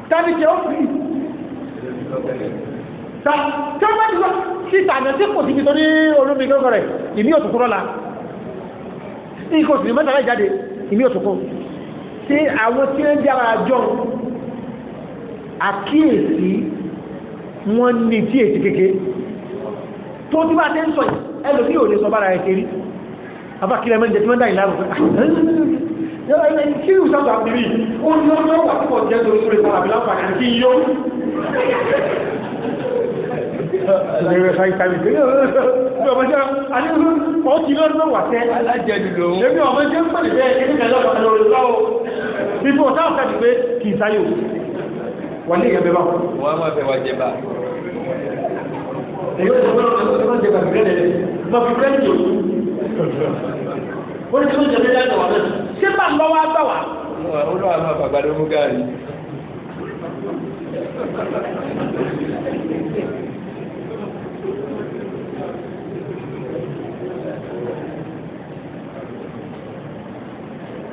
Speaker 1: tani jẹ́ ó fi ta tí wọ́n bá ti sọ sí ìtànà tí kò síbi tó ní olómi gbọ́ngàn rẹ̀ ìmí òtún kúrọ́ la nǹkan òsì mẹ́ta láì jáde ìmí òtún kú tí àwọn tí wọ́n ń jára jọ àkíyèsí wọn ní tí èsì kékeré tó tí bá ti ń sọ ẹlòmí ò lè sọ bára ẹ̀ kéré àbá kílẹ̀ mẹ́jẹ tí wọ́n dá ìlànà fún yọ́rọ̀ ilẹ̀ kí ìwò sábà bìrì ó ní ọjọ́ wà púpọ̀ jẹ́ torí sórí sábà bí láǹfààní kí yó
Speaker 2: lèrè ṣàìsàmì pé ọmọ jẹ́
Speaker 1: àdéhùn ọtí lọ́dún wà tẹ́ alájẹ̀lú lòun èmi ọmọ jẹ́ pẹ̀lú bẹ́ẹ̀ kí ní kẹlẹ́ ọ̀pọ̀ lórí lọ́wọ́ bíbọ̀ táwọn fẹ́ pé kì í sáyò wà ní ìyẹn bẹ́ẹ̀ bá wọn máa fẹ́ wá jẹ bá èyí ó ti gbọ́dọ̀ ọ̀sẹ̀ tó ń jẹ bàbí rẹ̀ bàbí rẹ̀ jò ó ní kí ló jẹ bí láti wà lẹ́nu ṣé bá ń lọ́wọ́ á gbà wá. ó lọ́wọ́ àwọn àgbàdo mú gáàrí.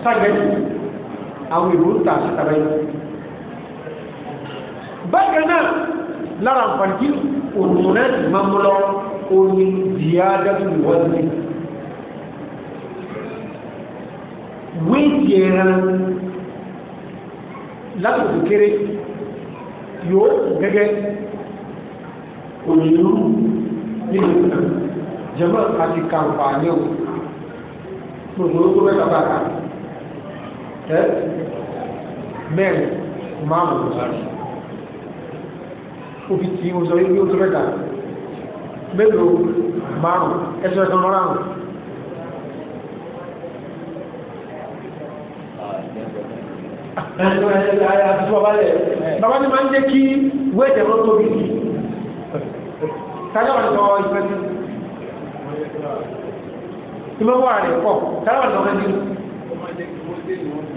Speaker 1: sáàgbẹ́jì àwọn ìlú ń tà sítàbẹ́ bákan náà lára àǹfààní òun náà ti máa ń lọ omi díádájú ìwọ́sí wíìtì ẹran látòkò kéré yóò gẹ́gẹ́ òyìnbó nínú jẹ́mọ́ àti kàǹfààní ò gbogbo tó bẹ́ẹ̀ bàbá kan mẹ́rin márùn-ún sáré òbí tí mo sọ yóò tó mẹ́ta mélòó márùn-ún ẹsẹ̀ ẹ̀sán márùn-ún bàbá ni máa ń jẹ́ kí wéèdè ló tóbi yìí o sọ ìfẹ́ sí ìmọ̀wá rẹ̀ pọ̀ tájáwà sọ fẹ́ sí.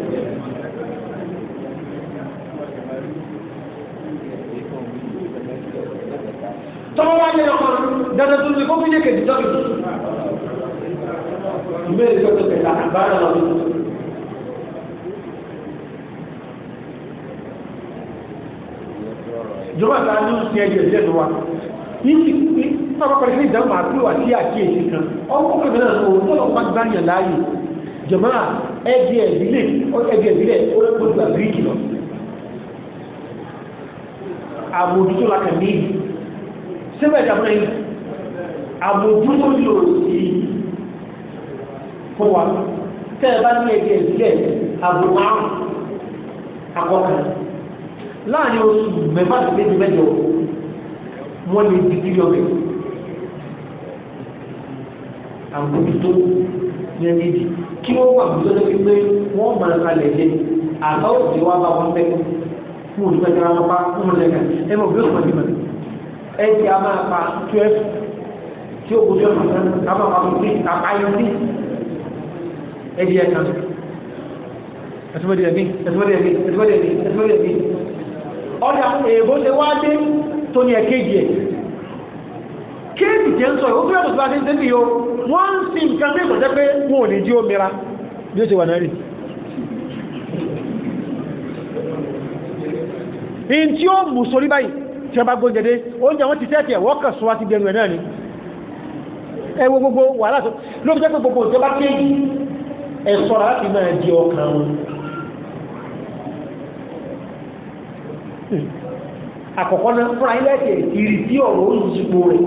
Speaker 2: tọ́wọ́ wá lé ọkọ dandan tó ní kó fi lè kéde tọ́bi.
Speaker 1: ìwé ìjọba tẹ̀lé àgbáyé lọ́dún.
Speaker 2: ìjọba ta ní oṣù ẹ̀jẹ̀ lẹ́nu wa
Speaker 1: yìí ní ọ̀rọ̀ pẹ̀lú sí ìdáhùn àbúrò àti àkíyèsí kan ọkọ̀ kan náà ló ń lọ́wọ́ bá gbá yàn láàyè jọ̀mọ́ ẹ̀jẹ̀ ìbílẹ̀ ẹ̀jẹ̀ ìbílẹ̀ ó lọ́pọ̀ ju àbíríkì lọ. àbòjútó la kàn ní ìlú síbẹ̀ ìjàmbá yìí àbójútó yóò sí fún wa tẹ́ ẹ bá ní ẹgbẹ́ ìbílẹ̀ àbò márùn àkọ́kọ́ láàrin oṣù mẹ́fà sí méjì mẹ́jọ wọ́n lè di kílíọ̀ rẹ̀ àbójútó ní ẹni ìdí kí wọ́n wà bójútó lẹ́bi pé wọ́n mọ̀ràn kalẹ̀ yẹ àbáwọ̀ tí wọ́n bá wọn bẹ́ẹ̀ fún olùgbẹ́jọ́ àwọn apá fún olùgbẹ́jọ́ ẹ̀ mọ̀ bí ó sọ̀rọ̀ nígbà tó ẹ̀jẹ̀ a máa pa twelve tí o kò tó ọ̀nà náà a máa pa fún a máa yọ three ẹ̀jẹ̀ ẹ̀ kan ẹ̀sùnmọ́dé ẹ̀mí ẹ̀sùnmọ́dé ẹ̀mí ẹ̀sùnmọ́dé ẹ̀mí ẹ̀sùnmọ́dé ẹ̀mí ọ̀dà èèbó ṣe wá dé tó ní ẹ̀kéjì ẹ̀ kéèdì jẹ́ ń sọ ìwọ́n fúlẹ̀ tó bá dé débi yìí o wọ́n ń sin nǹkan bí ìgbọ̀nsẹ́ pé wọn ò ní jí omira bí ó ṣe wà náà rí ní tí ó mú sórí báyìí tí wọ́n bá gbóúnjẹ dé oúnjẹ wọn ti tẹ́ẹ̀tì ẹ̀wọ́ kan sọ wá ti gbẹnu ẹ̀ náà ni ẹ gbogbo wàhálà tó ló fi jẹ́ pé gbogbo ìjọba kéèkì ẹ sọ̀rọ̀ láti máa di ọkàn wọn. àkọ́kọ́ náà fúnra ìrì tí ọ̀rọ̀ ó yí ipò rẹ̀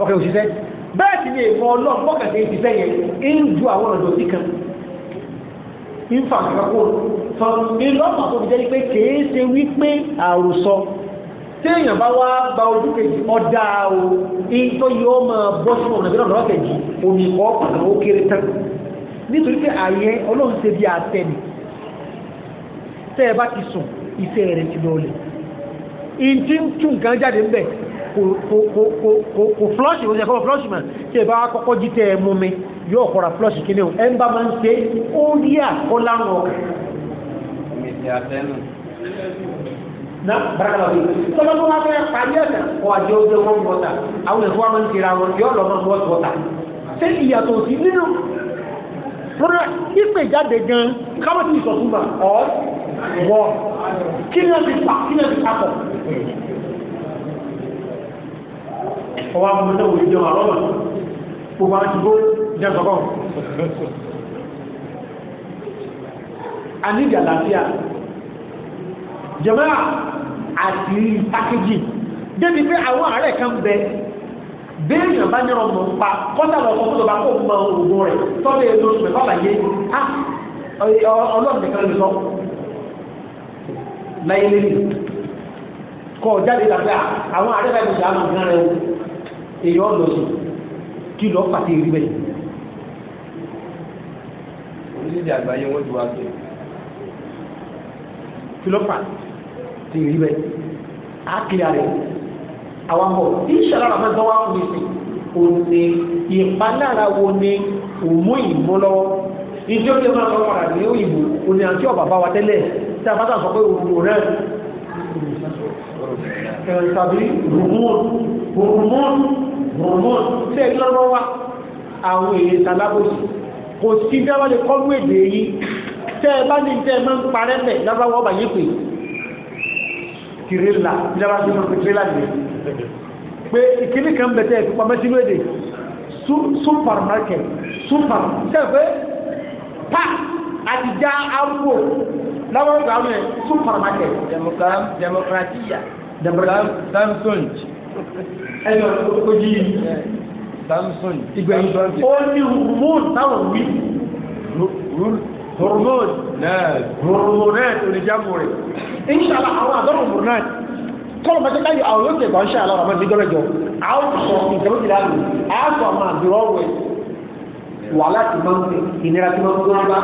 Speaker 1: ọkẹ́ òṣìṣẹ́ bẹ́ẹ̀ sì ni èèmọ̀ ọlọ́run mọ́kànlélẹ́sẹ̀ yẹn ń ju àwọn sí kan ń sọ ìlú ọ̀pọ̀ tó fi jẹ́ pé kèé ṣe wípé àròsọ téèyàn bá wá gba ojú kejì ọ̀dà o ìtọ́ yìí ó máa bọ́ sí ọ̀nà bí ọ̀nà kejì omi kọ́ pàtàkì ó kéré tán nítorí pé ààyè ọlọ́run ṣe bí àtẹ̀nì tẹ́ ẹ bá ti sùn iṣẹ́ rẹ̀ ti lọlẹ̀ ìtí ń tún nǹkan jáde ń bẹ̀ kò flush ìwọ́n ṣe flush mà tẹ́ ẹ bá kọ́kọ́ jí tẹ́ ẹ mú mi yóò kọ́ra flush kí o ẹ ń bá máa ń ṣe ó rí àkọ́lárùn ẹsẹ̀ àtẹnu. na barakala bi tọ́lá tó wá fẹ́ parí ẹ̀sẹ̀ kọ́ àjẹ ojú wọn bọ̀ ta àwọn ẹ̀fọ́ wa máa ń tira wọn yọ lọ́mọ bọ̀ tó ta ṣé ìyàtọ̀ sí nínú fúnra ìpè jáde gan káwọn ti sọ fún ma ọ wọ kí ni a ti pa kí ni a ti pa pọ̀. ọwọ́ àwọn ọmọdé wòye jẹun àlọ́ wọn gbogbo àwọn ti gbó jẹun sọ́kọ̀. a ní ìjà láfíà jẹ̀mọ́ àti pákéjì débi pé àwọn ààrẹ kan bẹ béèyàn bá nyọrọ mọ pa kọta lọ kọkọ lọba kó mọ òògùn rẹ tọ́lá yẹn lóṣù mẹ́fà bàjẹ́ a ah, ọlọ́run nìkan lè sọ láyé lélẹ̀ kọ jáde dàgbà àwọn ààrẹ bá yẹn sọ àwọn rẹ o èèyàn lọ sí kí lọ pàtẹ ìrí bẹ́ẹ̀. orílẹ̀-èdè àgbáyé wọ́n ti wá sí i kí ló pàtẹ ti rí bẹ́ẹ̀ á kílíà rẹ̀ àwọn bọ̀ tí ìṣẹ̀lẹ̀ àwọn ẹgbẹ́ wa kù ní sí kò ní ìpalára wo ni òmú ìbò lọ́wọ́ ìdí òkè máa sọ padà ní òyìnbó òní àti ọ̀bà wa tẹ́lẹ̀ tí a bá tà sọ pé òwò rẹ̀ tàbí rùmọ́ọ̀nù
Speaker 2: rùmọ́ọ̀nù rùmọ́ọ̀nù tí ẹ
Speaker 1: lọ́wọ́ wa àwọn èèyàn tàlábòsì kò sí dáwọ́lẹ̀ kọ́lù èdè yìí tẹ́ ẹ bá ní tẹ́ ẹ máa ń parẹ́ mẹ́ lábáwọ́ bàyẹ̀ tirela ìjọba tí wọ́n fi tirela ní pé ìkíní kan bẹ̀tẹ̀ ìfipá mẹ́sílú èdè supermarket super sẹ́fẹ́ pa àtijá arúgbó láwọn ìgbà wọn supermarket. democratia samson ẹyọ ojú yìí samson ìgbẹ̀yìn ó ní rúmùn táwọn wí hormone náà hormonate oníjàmùrè inṣàlá àwọn àdọ́rọ̀ hormonate kọ́lọ̀ bá jẹ́ káyọ̀ àwọn yóò tẹ̀gbọ́n inṣàlá ọ̀rọ̀ máa nígbọ́n ẹjọ́ a ó sọ ìjọba ti dáàbò a sọ máa dúró wẹ̀ wàhálà ti máa ń pè ìnira ti máa ń gbọ́n bá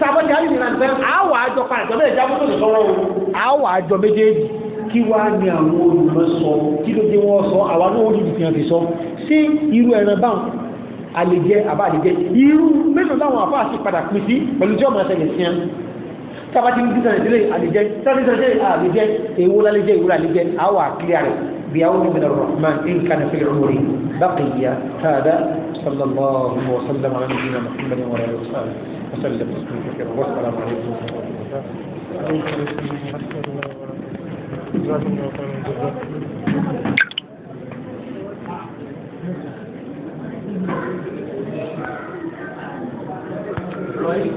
Speaker 1: tábà jáde nira nìkan a wà á jọ padà tọ́lẹ̀ ìjábọ̀ tó sọ̀rọ̀ o a wà kí wàá ní àwọn olùmọ̀ sọ kí ló dé wọ́n sọ àwa náà fi sọ sí irú ẹran báwọn àlejẹ àbá àlejẹ irú mélòó láwọn àbá àti padà pín sí pẹ̀lú tí ọmọ ẹsẹ̀ sí ẹn tábàtí ní sísan ìdílé àlejẹ sábẹ́ sísan ìdílé àlejẹ èwo lálejẹ ìwúrọ̀ àlejẹ àwọ̀ àkílẹ̀ rẹ̀ bí àwọn ọmọ ìdàrọ̀ máa ń kàn fi rúmúrí bákìyà tààdá sallallahu wasallam ala nabiyina muhammadin wa alihi wa sallam wa sallam alaikum wa rahmatullahi
Speaker 2: wa barakatuh Floyd.